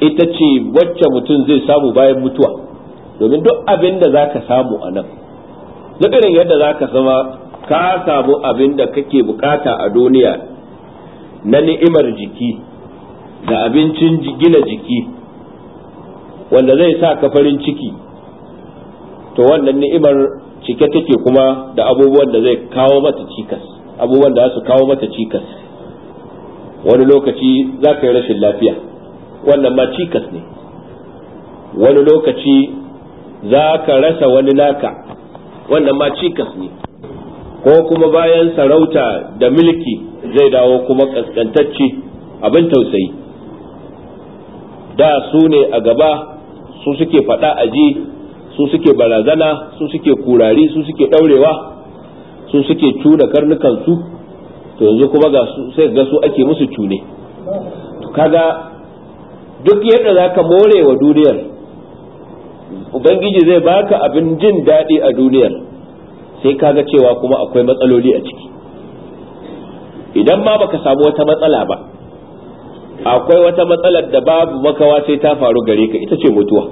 ita ce wacce mutum zai samu bayan mutuwa domin duk abin da za ka samu a nan duk irin yadda ka zama ka samu abin da kake bukata a duniya na ni'imar jiki da abincin gina jiki wanda zai sa ka farin ciki to wannan ni'imar cike take kuma da abubuwan da zai kawo mata cikas abubuwan da su kawo mata cikas wani lokaci za ka yi rashin lafiya wannan ma cikas ne wani lokaci za ka rasa wani naka wannan ma cikas ne ko kuma bayan sarauta da mulki zai dawo kuma kaskantacce abin tausayi da su ne a gaba su suke faɗa aji su suke barazana su suke kurari su suke ɗaurewa su suke cuna karnukansu to yanzu kuma ga su sai ga su ake musu cune kaga duk yadda za ka more wa duniyar ubangiji zai baka abin jin daɗi a duniyar sai kaga cewa kuma akwai matsaloli a ciki idan ma baka samu wata matsala ba akwai wata matsalar da babu makawa sai ta faru gare ka ita ce mutuwa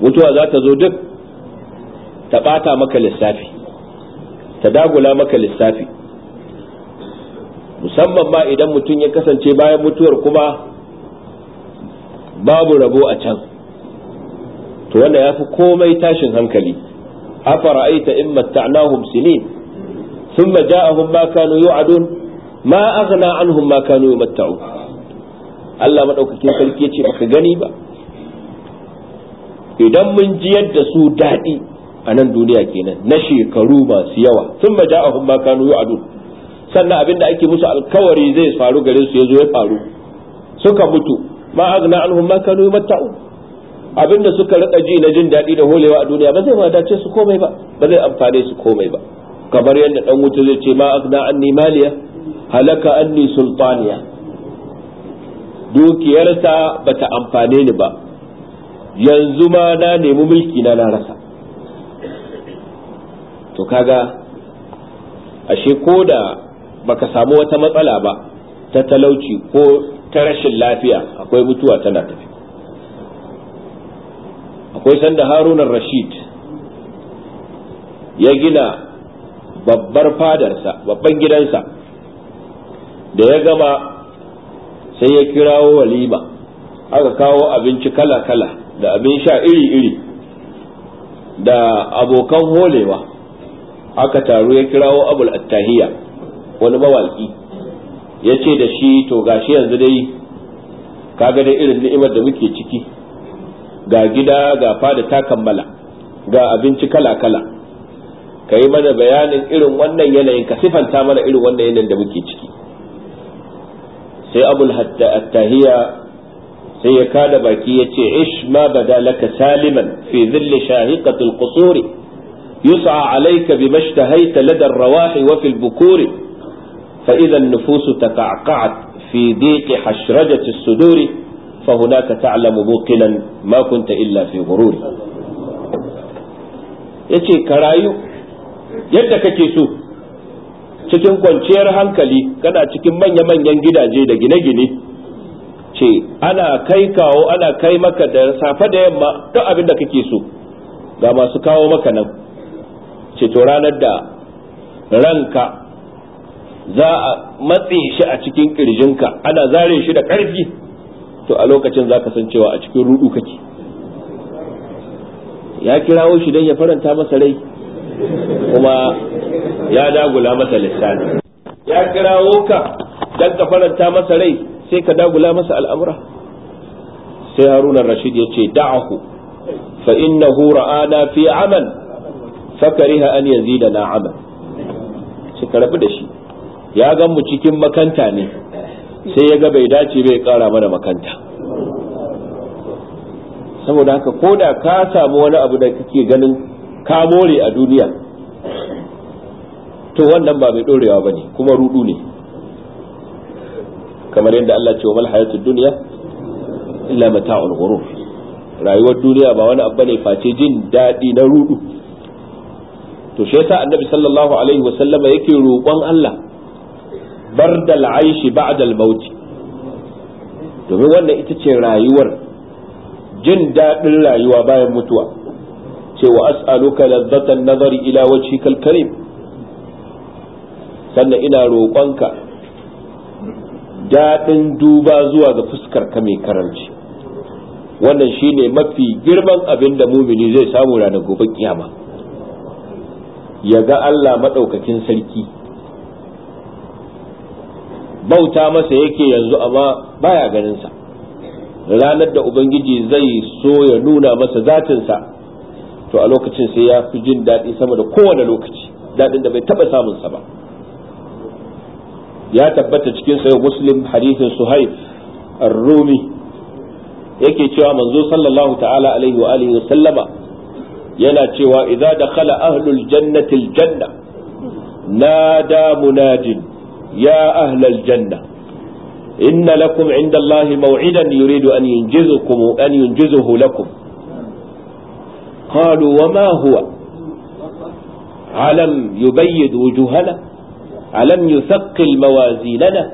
mutuwa za ta zo duk ta ɓata maka lissafi ta dagula maka lissafi musamman ba idan mutum ya kasance bayan mutuwar kuma babu rabo a can to wanda ya fi komai tashin hankali aita in matta'nahum sinin thumma ja'ahum ma kanu yu'adun ma aghna anhum ma kanu yumatta'u Allah madaukakin sarki yace baka gani ba idan mun ji yadda su daɗi a nan duniya kenan na shekaru masu yawa thumma ja'ahum ma kanu yu'adun sannan abin da ake musu alkawari zai faru gare su yazo ya faru suka mutu ma aghna anhum ma kanu yumatta'u abinda suka rika ji na jin daɗi da holewa a duniya ba zai wadace su komai ba ba zai amfane su komai ba kamar yadda dan wuta zai ce ma agna anni maliya halaka anni sultaniya dukiyarsa bata amfane ni ba yanzu ma na nemi mulki na na rasa to kaga ashe ko da baka samu wata matsala ba ta talauci ko ta rashin lafiya akwai mutuwa tana tafi akwai sanda harunan rashid ya gina babbar fadarsa babban gidansa da ya gama sai ya kirawo walima aka kawo abinci kala-kala da abin sha iri-iri da abokan holewa aka taru ya kirawo abul attahiya wani mawaki, ya ce da shi to gashi yanzu dai kaga dai irin ni'imar da muke ciki ga gida ga fada ta kammala ga abinci kala-kala ka yi mana bayanin irin wannan yanayin ka sifanta mana irin wannan yanayin da muke ciki sai abul attahiya sai ya kada baki ya ce ish ma bada laka saliman fi zilli shahiqatil qusuri yus'a alayka bima ishtahaita lada ar-rawahi wa fil bukuri fa idha an-nufus taqaqa'at fi diqi hashrajati as-suduri fa hunaka ta'lamu muqilan ma kunta illa fi ghurur yace ka rayu yadda kake so cikin kwanciyar hankali kana cikin manya-manyan gidaje da gine-gine ce ana kai kawo ana kai maka da safe da yamma duk abin da kake so ga masu kawo maka nan ce to ranar da ranka za a matse shi a cikin kirjinka ana zare shi da ƙarfi to a lokacin za ka san cewa a cikin rudu kake ya kirawo shi don ya faranta masa rai kuma ya dagula masa lissani ya kirawo ka don ka faranta masa rai sai ka dagula masa al'amura sai harunan rashid ya ce da'ahu fa innahu ra'ana fi amal fakariha an da na amal shi ka rabu da shi ya gan mu cikin makanta ne sai ya ga bai dace bai kara mana makanta saboda haka ko da ka samu wani abu da kake ganin ka more a duniya to wannan ba mai dorewa ba ne kuma rudu ne kamar yadda Allah ce wa mal duniya dunya illa mata'ul ghurur rayuwar duniya ba wani abu bane face jin daɗi na rudu to shi yasa annabi sallallahu alaihi wa sallama yake roƙon Allah bardal aishi Ba'adal mauti domin wannan ita ce rayuwar jin daɗin rayuwa bayan mutuwa ce wa as'aluka ladzatan nazari ila wajhikal karim sannan ina roƙonka daɗin duba zuwa ga fuskar ka mai karanci wannan shine mafi girman abin da mumini zai samu ranar gobe kiyama ya ga Allah maɗaukakin sarki bauta masa yake yanzu amma baya ganin sa ranar da ubangiji zai so ya nuna masa zatinsa to a lokacin sai ya fi jin daɗi sama da kowane lokaci daɗin da bai taɓa sa ba ya tabbata cikin sayo muslim hadithin suhaif ar-rumi yake cewa manzo sallallahu ta'ala alaihi wa alihi wa sallama yana cewa idza dakhala ahlul jannati al-janna nada munajin يا أهل الجنة إن لكم عند الله موعدا يريد أن ينجزكم أن ينجزه لكم قالوا وما هو ألم يبيد وجوهنا ألم يثقل موازيننا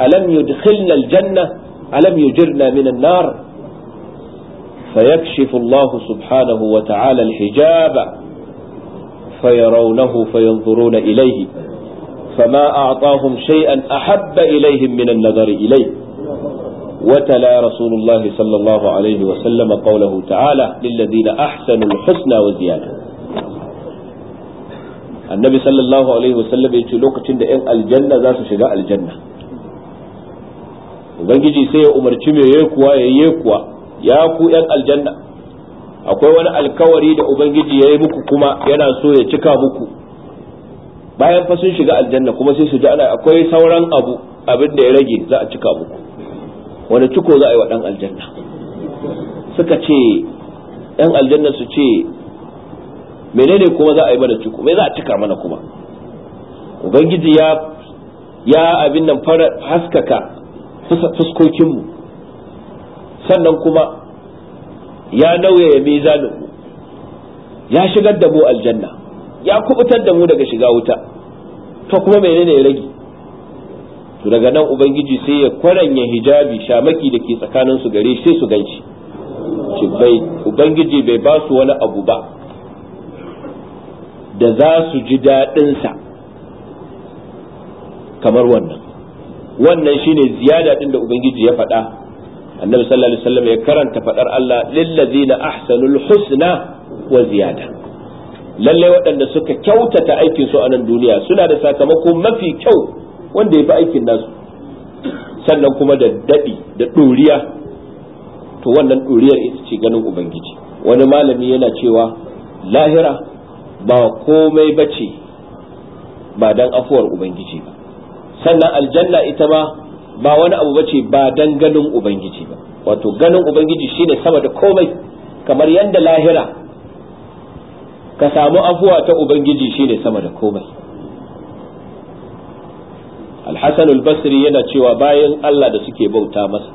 ألم يدخلنا الجنة ألم يجرنا من النار فيكشف الله سبحانه وتعالى الحجاب فيرونه فينظرون إليه فما أعطاهم شيئا أحب إليهم من النظر إليه وتلا رسول الله صلى الله عليه وسلم قوله تعالى للذين أحسنوا الحسنى وزيادة النبي صلى الله عليه وسلم يقول لوكتين da الجنة ذات shiga الجنة ubangiji sai ya umarci mai yekuwa ya yekuwa ya ku yan aljanna akwai wani alkawari da ubangiji ya yi muku kuma yana so ya cika muku bayan fa sun shiga aljanna kuma sai su ji ana akwai sauran abu abin da ya rage za a cika muku wani ciko za a yi wa ɗan aljanna suka ce ɗan aljanna su ce menene kuma za a yi mana ciko me za a cika mana kuma ubangiji ya ya abin nan fara haskaka fuskokinmu sannan kuma ya nauyaya ya mizaninmu ya shigar da mu aljanna ya kubutar da mu daga shiga wuta to kuma menene ya rage to daga nan ubangiji sai ya kwaranya hijabi shamaki da ke tsakanin su gare sai su ganci bai ubangiji bai ba su wani abu ba da za su ji daɗinsa sa kamar wannan wannan shine ziyada din da ubangiji ya faɗa annabi sallallahu alaihi wasallam ya karanta faɗar Allah lillazina ahsanul husna wa ziyada Lallai waɗanda suka kyautata aikin su a nan duniya suna da sakamako mafi kyau wanda ya fi aikin nasu sannan kuma da daɗi da ɗuriya. to wannan ɗoriyar ita ce ganin ubangiji wani malami yana cewa lahira ba komai ba ce ba don afuwar ubangiji ba sannan aljanna ita ma ba wani abu ba ce ba don ganin ubangiji ba wato ganin ubangiji shine sama da komai kamar yadda lahira ka samu afuwa ta ubangiji shi ne sama da komai alhassan albasri yana cewa bayan allah da suke bauta masa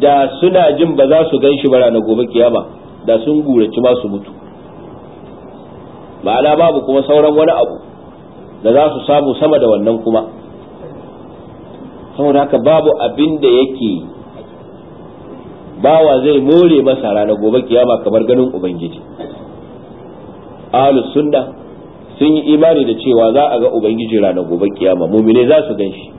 da suna jin ba za su gan shi bara na gobe kiyama da sun gurace ma mutu ma'ana babu kuma sauran wani abu da za su samu sama da wannan kuma saboda haka babu abin da yake bawa zai more masa ranar gobe kiyama kamar ganin ubangiji ahlus sunna sun yi imani da cewa za a ga ubangiji ranar gobe kiyama mumine za su gan shi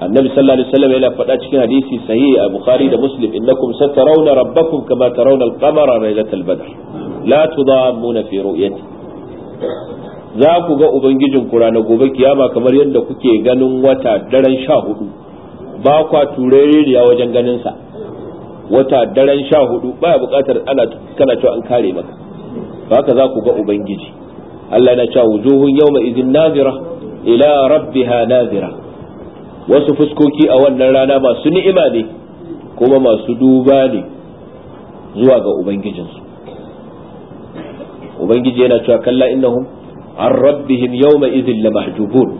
annabi sallallahu alaihi wasallam yana faɗa cikin hadisi sahihi a bukhari da muslim innakum satarawna rabbakum kama tarawna al-qamara laylatal badr la tudammuna fi ru'yati za ku ga ubangijin ku ranar gobe kiyama kamar yadda kuke ganin wata daren sha hudu ba kwa turereriya wajen ganin sa wata daren sha hudu ba buƙatar ana kana cewa an kare maka haka za ku ga ubangiji Allah na cewa wujuhun yawma idin nazira ila rabbiha nazira wasu fuskoki a wannan rana masu ni'ima ne kuma masu duba ne zuwa ga ubangijinsu ubangiji yana cewa kalla innahum an rabbihim yawma idhin Mahjubun.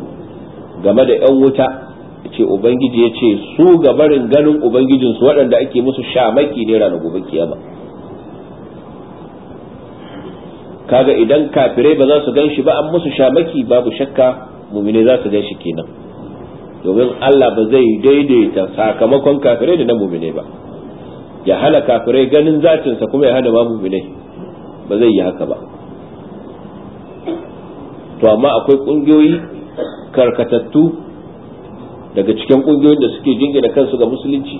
game da yan wuta ce ubangiji ya ce su ga barin ganin ubangijinsu waɗanda ake musu shamaki ne ranar gobe kiyama kaga idan kafirai ba za su gan shi ba an musu shamaki babu shakka mumine za su gan shi kenan domin Allah ba zai daidaita sakamakon kafirai da na mumine ba ya hana kafirai ganin zatinsa kuma ya hana ma mumine ba zai yi haka ba to amma akwai kungiyoyi karkatattu daga cikin kungiyoyin da suke jingina kansu ga musulunci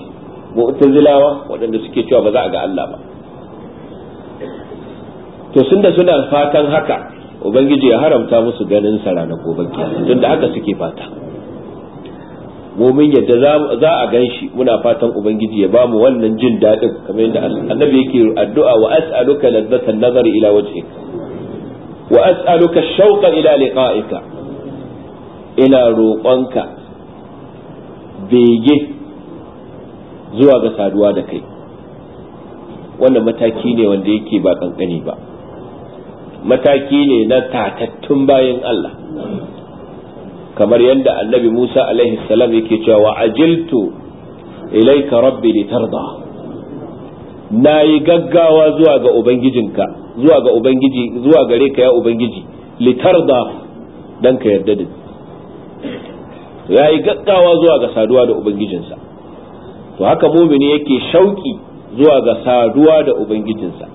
mu'tazilawa waɗanda suke cewa ba za a ga Allah ba to sun da suna fatan haka ubangiji ya haramta musu ganin sa ranar gobe kiyama tunda haka suke fata mumin yadda za a ganshi muna fatan ubangiji ya ba mu wannan jin daɗin kamar yadda annabi yake addu'a wa as'aluka ladzatan nazari ila wajhika wa as'aluka shauqa ila liqa'ika ina roƙonka bege zuwa ga saduwa da kai wannan mataki ne wanda yake ba kankani ba mataki ne na tatattun bayan Allah kamar yadda annabi Musa alaihi salam yake cewa wa ajiltu ilaika rabbi litarda na yi gaggawa zuwa ga ubangijinka zuwa ga ubangiji zuwa gare ka ya ubangiji litarda dan ka yarda da ya yi gaggawa zuwa ga saduwa da ubangijinsa to haka mumini yake shauki zuwa ga saduwa da ubangijinsa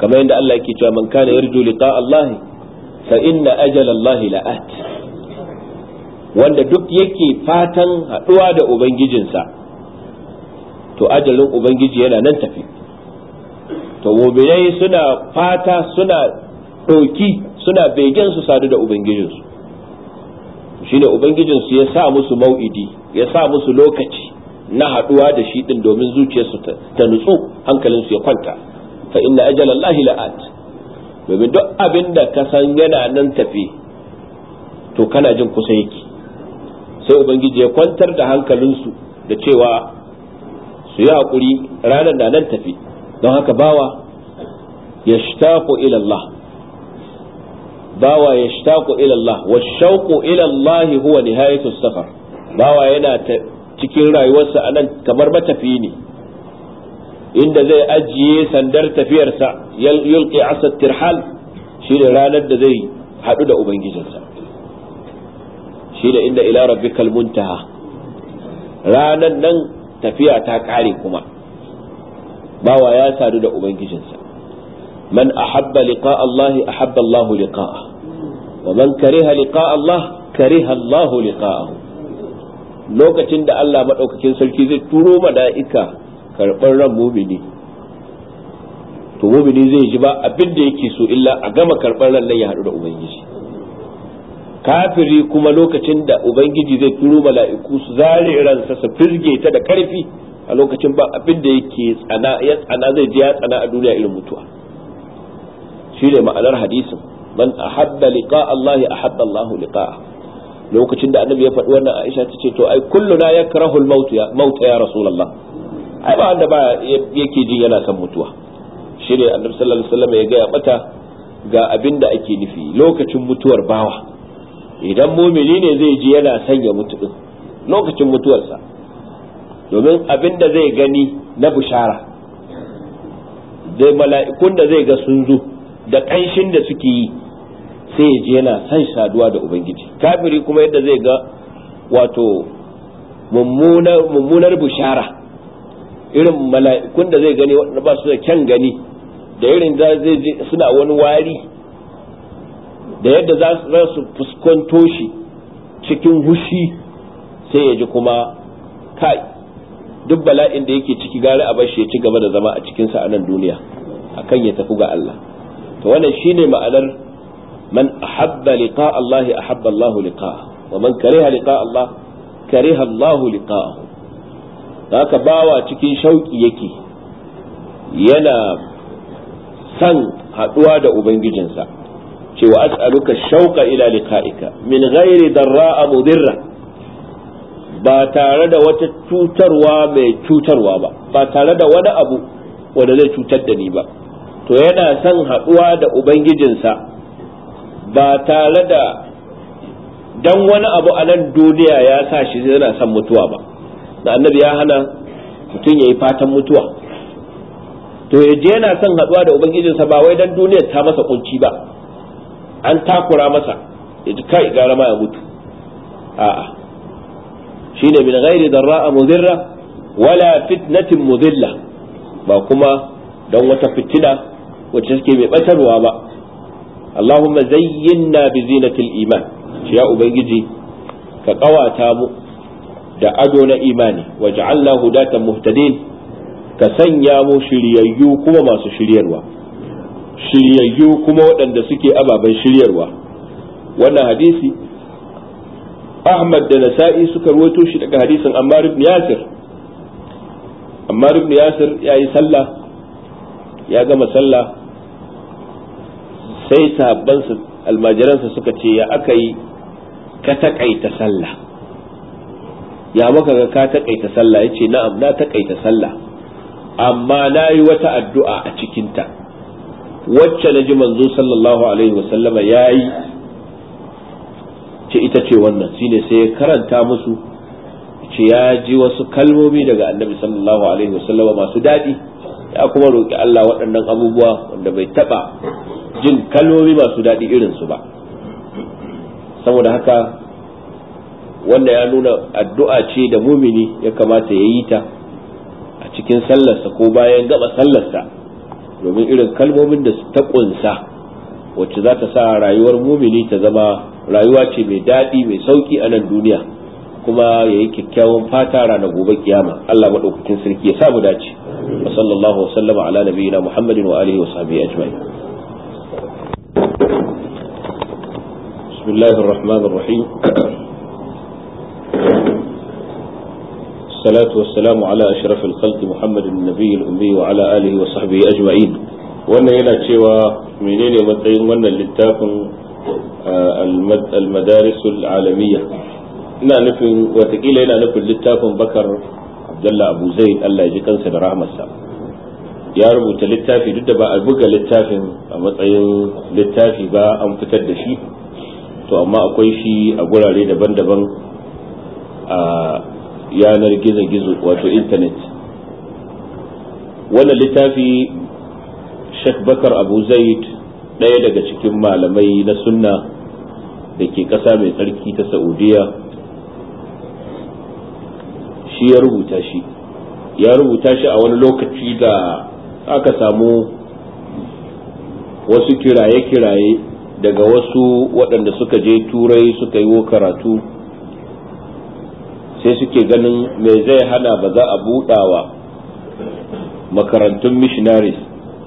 kamar yadda Allah yake cewa man kana yarju liqa Allah fa inna ajala Allah la'at wanda duk yake fatan haduwa da ubangijinsa to ajalin ubangiji yana nan tafi to mu'minai suna fata suna ɗauki suna begen su sadu da ubangijinsu shine ubangijinsu ya sa musu mau'idi ya sa musu lokaci na haɗuwa da shi ɗin domin zuciyarsu ta nutsu hankalinsu ya kwanta fa inna ajala Allah la'at domin duk abin da ka san yana nan tafi to kana jin kusa yake sai ubangiji ya kwantar da hankalinsu da cewa su yi hakuri, ranar da nan tafi don haka bawa ya shtaqu ila Allah bawa ya shtaqu ila Allah wa shauqu ila Allah huwa nihayatus safar bawa yana cikin rayuwarsa anan kamar matafi ne inda zai ajiye sandar tafiyarsa yulqi asad tirhal shine ranar da zai haɗu da ubangijinsa shine inda ila rabbikal muntaha ranar nan tafiya ta kare kuma bawa ya sadu da ubangijinsa man ahabba liqa Allah ahabba Allah liqa'ah wa man kariha liqa Allah kariha Allah liqa'ahu lokacin da Allah madaukakin sarki zai turo mala'ika karɓar ran mumini to mumini zai ji ba abin da yake so illa a gama karɓar ran nan ya haɗu da ubangiji kafiri kuma lokacin da ubangiji zai turo mala'iku su zare ransa su firge ta da karfi a lokacin ba abin da yake tsana ya tsana zai ji ya tsana a duniya irin mutuwa shi ne ma'anar hadisin man ahabba liqa Allah ahabba Allah liqa'a lokacin da annabi ya faɗi wannan Aisha ta ce to ai kulluna yakrahu al-maut ya maut ya rasulullah ai ba wanda ba yake jin yana son mutuwa shi ne annabi sallallahu alaihi wasallam ya gaya mata ga abin da ake nufi lokacin mutuwar bawa idan mumini ne zai ji yana son ya mutu din lokacin mutuwarsa domin abin da zai gani na bushara zai mala'ikun da zai ga sun zo da ƙanshin da suke yi sai ya ji yana son saduwa da ubangiji kafiri kuma yadda zai ga wato mummunar bushara irin mala'ikun da zai gani waɗanda ba su da kyan gani da irin da zai je suna wani wari da yadda za su fuskanto shi cikin hushi sai ya ji kuma kai duk bala'in da yake ciki gari a bashi ya ci gaba da zama a cikinsa a nan duniya akan ya tafi ga Allah to wannan shine ma'anar man ahabba liqa Allah ahabba Allah liqa wa man kariha liqa Allah kariha Allah liqa'ahu haka bawa cikin shauƙi yake yana san haɗuwa da ubangijinsa cewa as'aluka shauƙa ila liqa'ika min ghairi abu mudirra ba tare da wata cutarwa mai cutarwa ba ba tare da wani abu wanda zai cutar da ni ba to yana son haɗuwa da ubangijinsa ba tare da dan wani abu a nan duniya ya sa shi yana son mutuwa ba da annabi ya hana mutum ya yi fatan mutuwa to ya je yana son haɗuwa da ubangijinsa ba wai dan duniyar ta masa kunci ba an takura masa ya ji kai gara ma ya mutu a'a shine min ghairi darra'a mudhirra wala fitnatin mudilla ba kuma don wata fitina wacce take mai batarwa ba Allahumma zayyinna bi zinatil iman ya ubangiji ka kawata mu da ado na imani Allah hudatan muhtadin ka sanya mu shiryayyu kuma masu shiryarwa shiryayyu kuma waɗanda suke ababen shiryarwa wannan hadisi Ahmad da Nasa'i suka ruwaito shi daga hadisin Ammar ibn Yasir Ammar ibn Yasir ya yi sallah ya gama sallah sai sahabbansa almajiransa suka ce ya aka yi ka taƙaita sallah ya maka ga ka takaita sallah yace na'am na takaita sallah amma na yi wata addu'a a cikinta wacce na ji manzo sallallahu alaihi wasallama ya yi ce ita ce wannan shine sai ya karanta musu ce ya ji wasu kalmomi daga annabi sallallahu alaihi wasallama masu daɗi ya kuma roƙi Allah waɗannan abubuwa wanda bai taɓa jin kalmomi masu daɗi irinsu ba saboda haka wanda ya nuna addu'a ce da mumini ya kamata ya yi ta a cikin sallarsa ko bayan gaba sallarsa domin irin kalmomin da ta kunsa wacce za ta sa rayuwar mumini ta zama rayuwa ce mai daɗi mai sauƙi a nan duniya kuma ya yi kyakkyawan fata rana gobe kiyama Allah maɗaukakin sarki ya samu dace wa sallallahu wa ala nabiyina muhammadin wa alihi wa sahbihi ajma'in بسم والصلاة والسلام muhammad أشرف الخلق محمد النبي الأمي وعلى آله وصحبه أجمعين wannan yana cewa menene matsayin wannan littafin almadarisul alamiya ina nufin watakila yana nufin littafin bakar abdullah abu zaid allah ya ji kansa da rahmarsa ya rubuta littafi duk da ba a buga littafin a matsayin littafi ba an fitar da shi to amma akwai shi a gurare daban-daban a. yanar gizo-gizo wato intanet wannan littafi Sheikh Bakar Abu Zaid ɗaya daga cikin malamai na sunna da ke ƙasa mai tsarki ta Saudiya shi ya rubuta shi ya rubuta shi a wani lokaci da aka samu wasu kiraye-kiraye daga wasu waɗanda suka je turai suka yi karatu sai suke ganin me zai hana ba za a buɗawa makarantun missionaries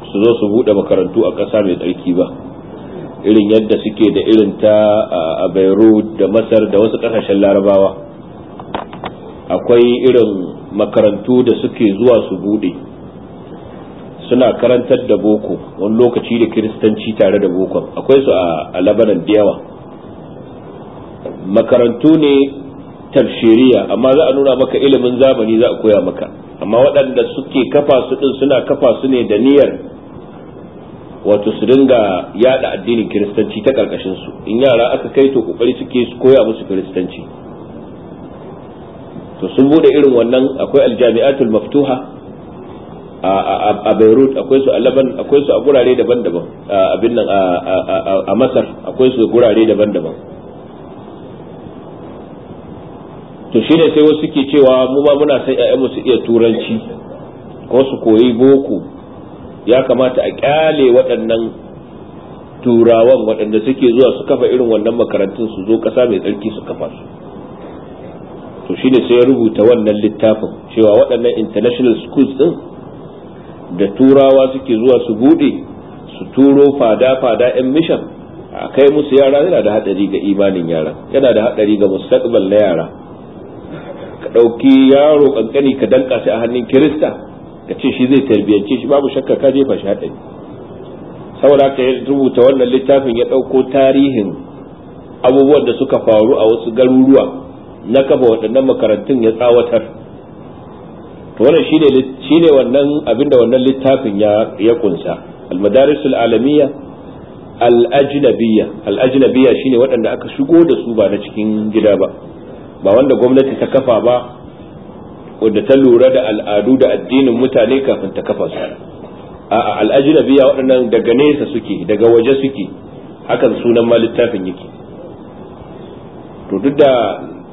su zo su buɗe makarantu a ƙasa mai tsarki ba irin yadda suke da irin ta a beirut da masar da wasu ƙasashen larabawa akwai irin makarantu da suke zuwa su buɗe suna karantar da boko wani lokaci da kiristanci tare da boko akwai su a labanan da yawa makarantu ne tafsiriya amma za a nuna maka ilimin zamani za a koya maka amma waɗanda suke kafa su din suna kafa su ne da niyyar wato su dinga yada addinin kiristanci ta karkashin su in yara aka kai to kokari suke su koya musu kiristanci to sun bude irin wannan akwai aljami'atul maftuha a Beirut akwai su a akwai su a gurare daban-daban abin nan a Masar akwai su gurare daban-daban to shi ne sai wasu ke cewa mu ba muna son ƴaƴanmu su iya turanci ko su koyi boko ya kamata a kyale waɗannan turawan waɗanda suke zuwa su kafa irin wannan makarantun su zo ƙasa mai tsarki su kafa su to shi ne sai ya rubuta wannan littafin cewa waɗannan international schools ɗin da turawa suke zuwa su buɗe su turo fada-fada 'yan mishan a kai musu yara yana da haɗari ga imanin yara yana da haɗari ga mustaqbal na yara ka ɗauki yaro ƙanƙani ka danka shi a hannun kirista ka ce shi zai tarbiyyance shi babu shakka ka jefa shi haɗari saboda haka ya rubuta wannan littafin ya ɗauko tarihin abubuwan da suka faru a wasu garuruwa na kafa waɗannan makarantun ya tsawatar to wannan shine shine wannan abinda wannan littafin ya ya kunsa al-madarisul alamiyya al-ajnabiyya al-ajnabiyya shine waɗanda aka shigo da su ba na cikin gida ba ba wanda gwamnati ta kafa ba wanda ta lura da al'adu da addinin mutane kafin ta kafa su a al'ajinabiya waɗannan daga nesa suke daga waje suke hakan sunan ma littafin yake to duk da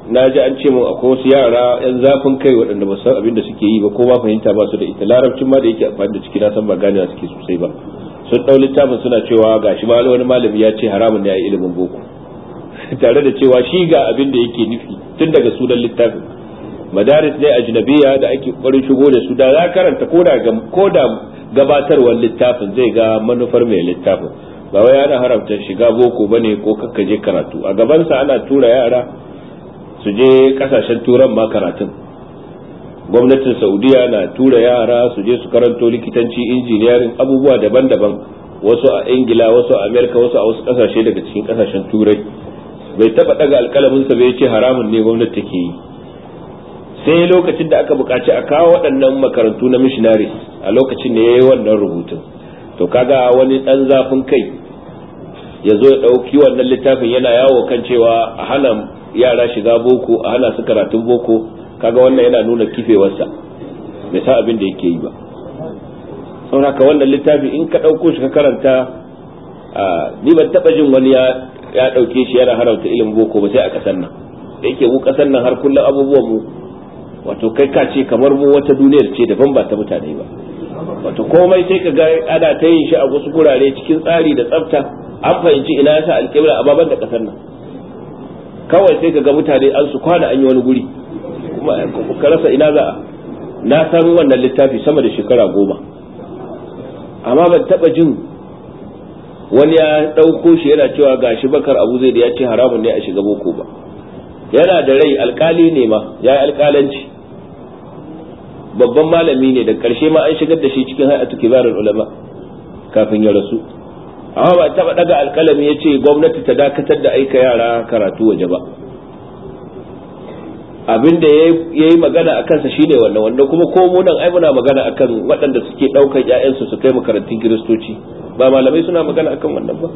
na ji an ce mu akwai wasu yara yan zafin kai waɗanda ba san abin da suke yi ba ko ba fahimta ba su da ita larabcin ma da yake amfani da ciki na san ba gane suke sosai ba sun ɗau littafin suna cewa gashi ma wani malami ya ce haramun ne a ilimin boko tare da cewa shi ga abin da yake nufi tun daga sunan littafin madaris ne ajnabiya da ake kokarin shigo da su da za karanta ko da gabatarwar littafin zai ga manufar mai littafin ba wai ana haramta shiga boko bane ko je karatu a gabansa ana tura yara su je kasashen turan ma karatun gwamnatin saudiya na tura yara su je su karanto likitanci injiniyarin abubuwa daban-daban wasu a ingila wasu a amerika wasu a wasu kasashe daga cikin kasashen turai bai taba daga sa bai ce haramun ne gwamnati take yi sai lokacin da aka buƙaci a kawo waɗannan makarantu na missionaries a lokacin da ya yi wannan rubutun to kaga wani ɗan zafin kai ya zo ya ɗauki wannan littafin yana yawo kan cewa a hana yara shiga boko a hana su karatun boko kaga wannan yana nuna kifewarsa bai sa abin da yake yi ba saboda haka wannan littafin in ka ɗauko shi ka karanta ni ban taɓa jin wani ya ya ɗauke shi yana harauta ilim boko ba sai a ƙasar nan da yake mu ƙasar nan har kullum abubuwan mu wato kai ka ce kamar mu wata duniyar ce daban ba ta mutane ba wato komai sai ka ga ana ta yin shi a wasu gurare cikin tsari da tsafta an fahimci ina ya sa alƙibla a baban da ƙasar nan kawai sai ka ga mutane an su kwana an yi wani guri kuma ka rasa ina za a na san wannan littafi sama da shekara goma amma ban taɓa jin wani ya ɗauko shi yana cewa ga shi bakar abu zai da ya ce haramun ne a shiga boko ba yana da rai alkali ne ma ya yi alkalanci babban malami ne da karshe ma an shigar da shi cikin hay'atu kibarin ulama kafin ya rasu amma ba taba daga alkalami ya ce gwamnati ta dakatar da aika yara karatu waje ba Abin da ya yi magana a kansa shine wannan wanda kuma ko munan ai muna magana akan waɗanda suke ɗaukar ƴaƴansu su kai makarantun kiristoci ba malamai suna magana akan wannan ba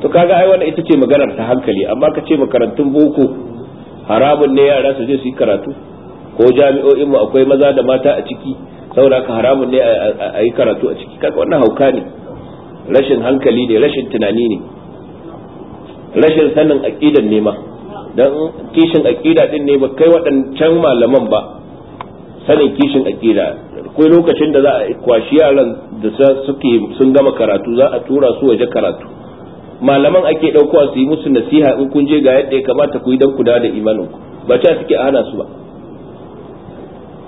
to kaga ai wannan ita ce maganar ta hankali amma ka ce makarantun boko haramun ne yara su je su yi karatu ko jami'o'in mu akwai maza da mata a ciki saboda haka haramun ne a yi karatu a ciki kaga wannan hauka ne rashin hankali ne rashin tunani ne rashin sanin aqidar nema don kishin aƙida din ne ba kai waɗancan malaman ba sanin kishin aƙida akwai lokacin da za a kwashi yaran da suke sun gama karatu za a tura su waje karatu malaman ake ɗaukowa su yi musu nasiha in kun je ga yadda ya kamata ku yi don ku da imanin ku ba ta suke hana su ba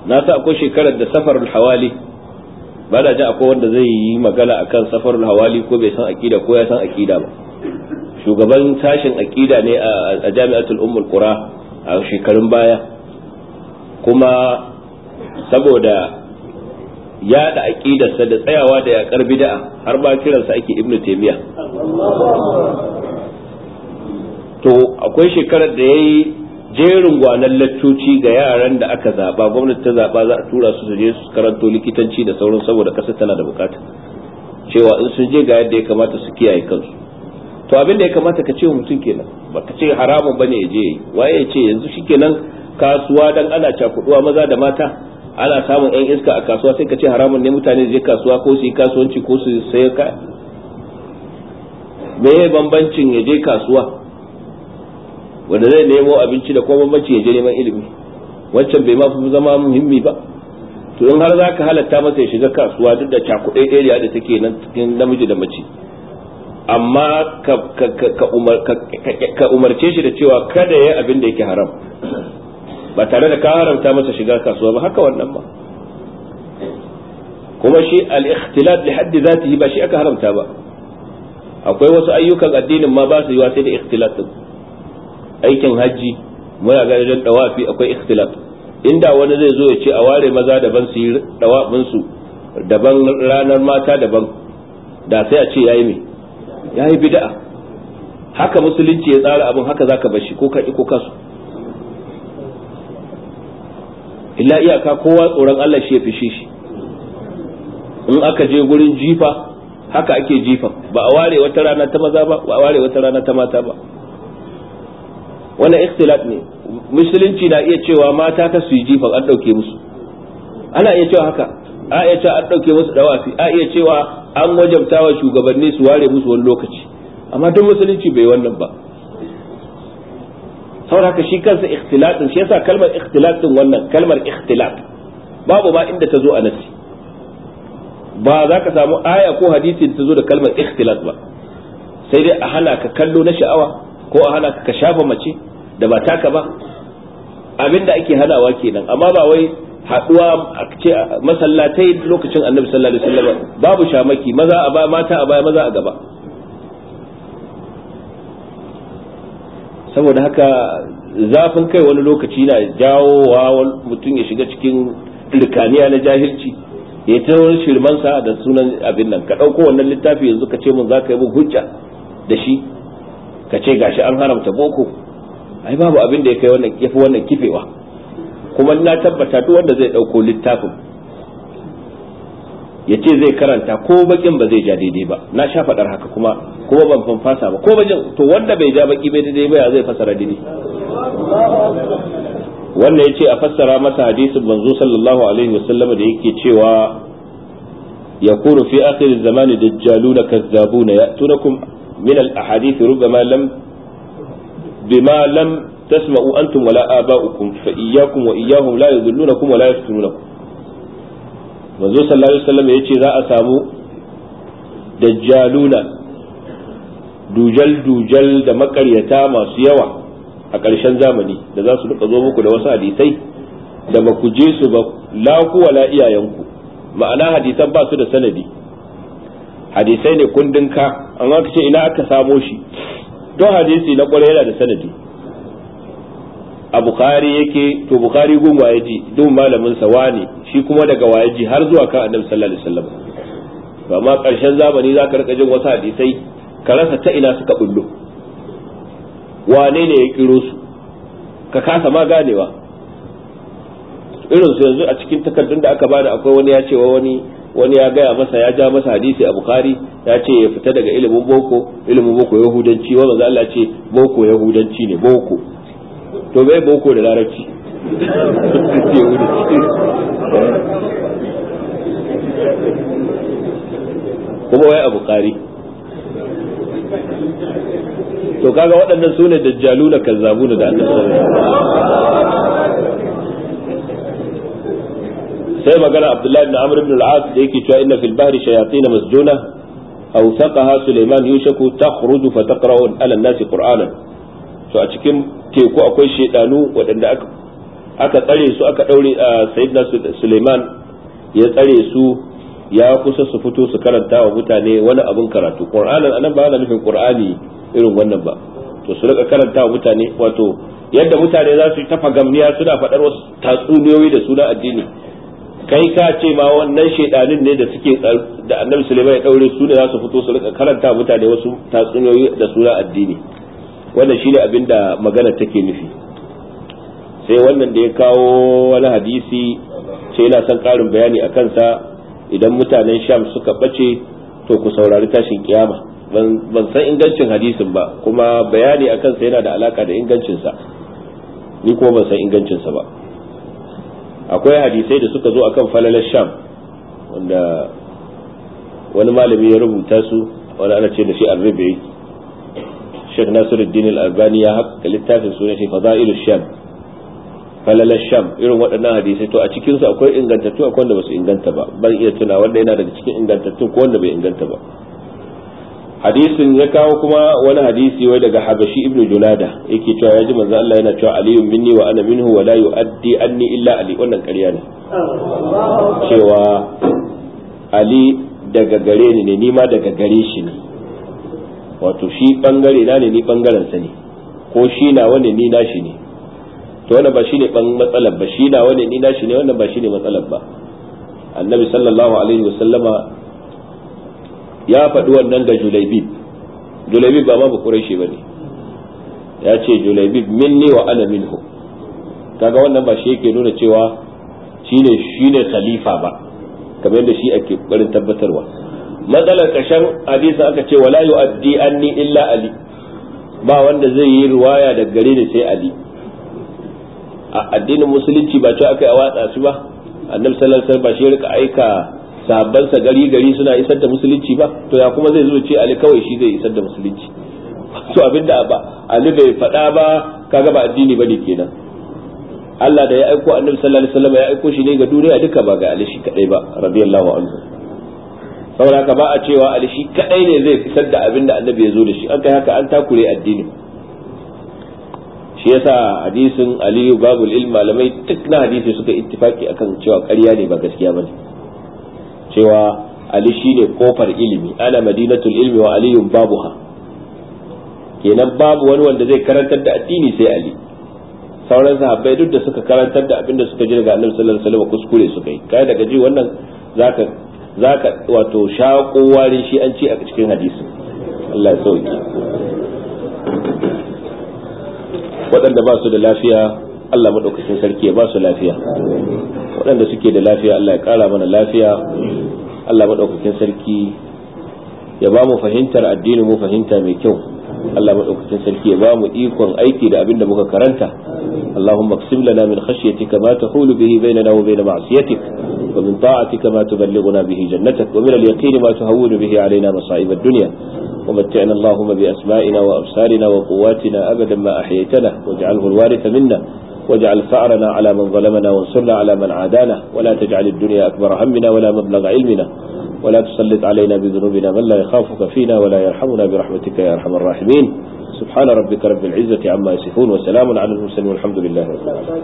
na sa akwai shekarar da safarul hawali ba da ji akwai wanda zai yi magana akan safarul hawali ko bai san aƙida ko ya san aƙida ba shugaban sashen aƙida ne a jami'atul ummul qura a shekarun baya kuma saboda yada aƙidarsa da tsayawa da yakar bid'a har ba kiransa ake ibnu taymiya to akwai shekarar da yayi jerin gwanan laccoci ga yaran da aka zaba gwamnati ta zaba za a tura su su je su karanto likitanci da sauran saboda ƙasa tana da bukata cewa in sun je ga yadda ya kamata su kiyaye kansu to abin da ya kamata ka ce mutum kenan baka ce haramun bane ya je waye ya ce yanzu shikenan kasuwa dan ana cakuduwa maza da mata ana samun yan iska a kasuwa sai ka ce haramun ne mutane je kasuwa ko su yi kasuwanci ko su sayar ka me bambancin ya je kasuwa wanda zai nemo abinci da kuma bambanci ya je neman ilimi wancan bai ma fi zama muhimmi ba to in har zaka halatta masa ya shiga kasuwa duk da cakuɗe area da take nan cikin namiji da mace amma ka umarce shi da cewa kada ya abin da yake haram ba tare da ka haramta masa shiga kasuwa ba haka wannan ba kuma shi al-ikhtilat li haddi zatihi ba shi aka haramta ba akwai wasu ayyukan addinin ma ba su yi sai da ikhtilat aikin hajji muna ga wajen dawafi akwai ikhtilat inda wani zai zo ya ce a ware maza daban su yi dawafin su daban ranar mata daban da sai a ce yayi me Ya yi bida'a, haka musulunci ya tsara abin haka zaka ka bashi ko ka ko kasu. illa iyaka kowa tsoron Allah shi ya fishe shi in aka je gurin jifa haka ake jifa ba a ware wata rana ta maza ba ba a ware wata rana ta mata ba wannan ikhtilat ne musulunci na iya cewa mata ka su yi jifa an dauke musu ana iya cewa haka a iya cewa an dauke musu dawafi a iya cewa an wajabta wa shugabanni su ware musu wani lokaci amma duk musulunci bai wannan ba saboda haka shi kansa ikhtilatin shi yasa kalmar ikhtilatin wannan kalmar ikhtilat babu ba inda ta zo a nasi ba za ka samu aya ko hadisi ta zo da kalmar ikhtilat ba sai dai a hana ka kallo na sha'awa ko a hana ka ka shafa mace da ba taka ba abinda ake hanawa kenan amma ba wai haduwa a ce masallatai lokacin annabi sallallahu alaihi wasallam babu shamaki maza a baya mata a baya maza a gaba saboda haka zafin kai wani lokaci na wa mutum ya shiga cikin rikaniya na jahilci ya ta wani shirmansa da sunan abin nan ka ɗauko wannan littafi yanzu ka ce mun za yi hujja da shi ka ce gashi an haramta boko ai babu abin da ya kai wannan kifi wannan kifewa kuma na tabbata duk wanda zai ɗauko littafin ya ce zai karanta ko bakin ba zai ja daidai ba na sha faɗar haka kuma kuma ban fanfasa ba ko bakin to wanda bai ja baki bai daidai ba ya zai fasara daidai wanda ya ce a fassara masa hadisin manzo sallallahu alaihi wasallam da yake cewa ya يكون في آخر kazzabuna ya? كذابون min al ahadith rubama lam bima lam tasma'u antum wala aba'ukum fa iyyakum wa iyyahum la yudhillunakum wa la yaftinunakum manzo sallallahu alaihi wasallam yace za a samu dajjaluna dujal dujal da makaryata masu yawa a ƙarshen zamani da za su duka zo muku da wasu hadisai da ba ku je su ba la ku wala iyayenku ma'ana hadisan ba su da sanadi hadisai ne kundin ka amma ka ce ina aka samo shi don hadisi na ƙwarai yana da sanadi a bukhari yake to bukhari gun wayaji ji duk malamin sa wani shi kuma daga waye har zuwa kan annabi sallallahu alaihi wasallam to amma karshen zamani zaka rika jin wasu hadisai ka rasa ta ina suka bullo wane ne ya kiro su ka kasa ma ganewa irin su yanzu a cikin takardun da aka bada akwai wani ya ce wa wani wani ya gaya masa ya ja masa hadisi a bukhari ya ce ya fita daga ilimin boko ilimin boko yahudanci wanda manzo ce boko yahudanci ne boko to bai boko da larabci kuma wai a bukari to kaga waɗannan su ne dajjalu na kazzabu da aka sai magana abdullahi ibn amr ibn al-as da yake cewa inna fil bahri shayatin masjuna aw suleiman sulaiman yushaku takhruju fa taqra'u ala alal nasi qur'anan to a cikin teku akwai shaidanu waɗanda aka aka tsare su aka daure sayyidina Suleiman ya tsare su ya kusa su fito su karanta wa mutane wani abin karatu Qur'anin anan ba ana nufin Qur'ani irin wannan ba to su rika karanta wa mutane wato yadda mutane za su yi tafa gamniya suna faɗar wasu tatsuniyoyi da suna addini kai ka ce ma wannan shaidanin ne da suke da annabi Suleiman ya daure su ne za su fito su rika karanta mutane wasu tatsuniyoyi da suna addini wannan ne abin da magana take nufi sai wannan da ya kawo wani hadisi ce yana son ƙarin bayani a kansa idan mutanen sham suka ɓace to ku saurari tashin kiyama ban san ingancin hadisin ba kuma bayani a kansa yana da alaka da ingancinsa ni ko ban san ingancinsa ba akwai hadisai da suka zo akan falalar sham wanda wani malami ya rubuta su wani ana ce da shi Sheikh Nasiruddin Al-Albani ya haka littafin suna shi Fadailus Sham falalar Sham irin waɗannan hadisai to a cikin su akwai a akwai wanda basu inganta ba ban iya tuna wanda yana daga cikin ingantattu ko wanda bai inganta ba hadisin ya kawo kuma wani hadisi wai daga Habashi Ibn Junada yake cewa ya ji manzo Allah yana cewa aliyu minni wa ana minhu Ani, illa ali wannan ƙarya cewa ali daga gare ni ne nima daga gare shi ne wato shi bangare na ne ni bangaren sa ne ko shi na wani ni nashi ne to wannan ba shi ne ban matsalar ba shi na wani ni nashi ne wannan ba shi ne matsalar ba annabi sallallahu alaihi wasallama ya faɗi wannan ga julaibib julaibib ba ma ba quraishi bane ya ce julaibib minni wa ana minhu kaga wannan ba shi yake nuna cewa shine shine khalifa ba kamar yadda shi ake ƙoƙarin tabbatarwa matsalar ƙashen hadisi aka ce wala yu'addi anni illa ali ba wanda zai yi riwaya da gare ni sai ali a addinin musulunci ba ce aka yi a watsa su ba annabi sallallahu alaihi wasallam ba shi rika aika sa gari gari suna isar da musulunci ba to ya kuma zai zo ce ali kawai shi zai isar da musulunci to abinda ba ali bai faɗa ba kaga ba addini bane kenan Allah da ya aiko annabi sallallahu alaihi wasallam ya aiko shi ne ga duniya duka ba ga ali shi kadai ba radiyallahu anhu saboda haka ba a cewa ali shi kadai ne zai fitar da abin da annabi ya zo da shi an kai haka an takure addini shi yasa hadisin aliyu babul ilm malamai duk na hadisi suka ittifaki akan cewa ƙarya ne ba gaskiya bane cewa ali shine kofar ilimi ana madinatul ilmi wa ali babuha kenan babu wani wanda zai karantar da addini sai ali sauran sahabbai duk da suka karantar da abin da suka ji daga annabi sallallahu alaihi wasallam kuskure suka yi kai daga ji wannan zaka za ka wato shaƙo warin shi an ce a cikin hadisi Allah ya sauke waɗanda ba su da lafiya Allah maɗaukakin sarki ya ba su lafiya waɗanda suke da lafiya Allah ya ƙara mana lafiya Allah maɗaukakin sarki ya ba mu fahimtar addinin mu fahimta mai kyau Allah madaukakin sarki ya ba mu ikon aiki da abin da muka karanta Allahumma qsim lana min khashyatika ma tahulu bihi bainana wa bain ma'siyatik wa min ta'atika ma tuballighuna bihi jannatak wa min al-yaqini ma tuhawwinu bihi alaina masa'ib ad-dunya ومتعنا اللهم بأسمائنا وأبصارنا وقواتنا أبدا ما أحييتنا واجعله الوارث منا واجعل ثأرنا على من ظلمنا وانصرنا على من عادانا ولا تجعل الدنيا أكبر همنا ولا مبلغ علمنا ولا تسلط علينا بذنوبنا من لا يخافك فينا ولا يرحمنا برحمتك يا أرحم الراحمين سبحان ربك رب العزة عما يصفون وسلام على المرسلين والحمد لله رب العالمين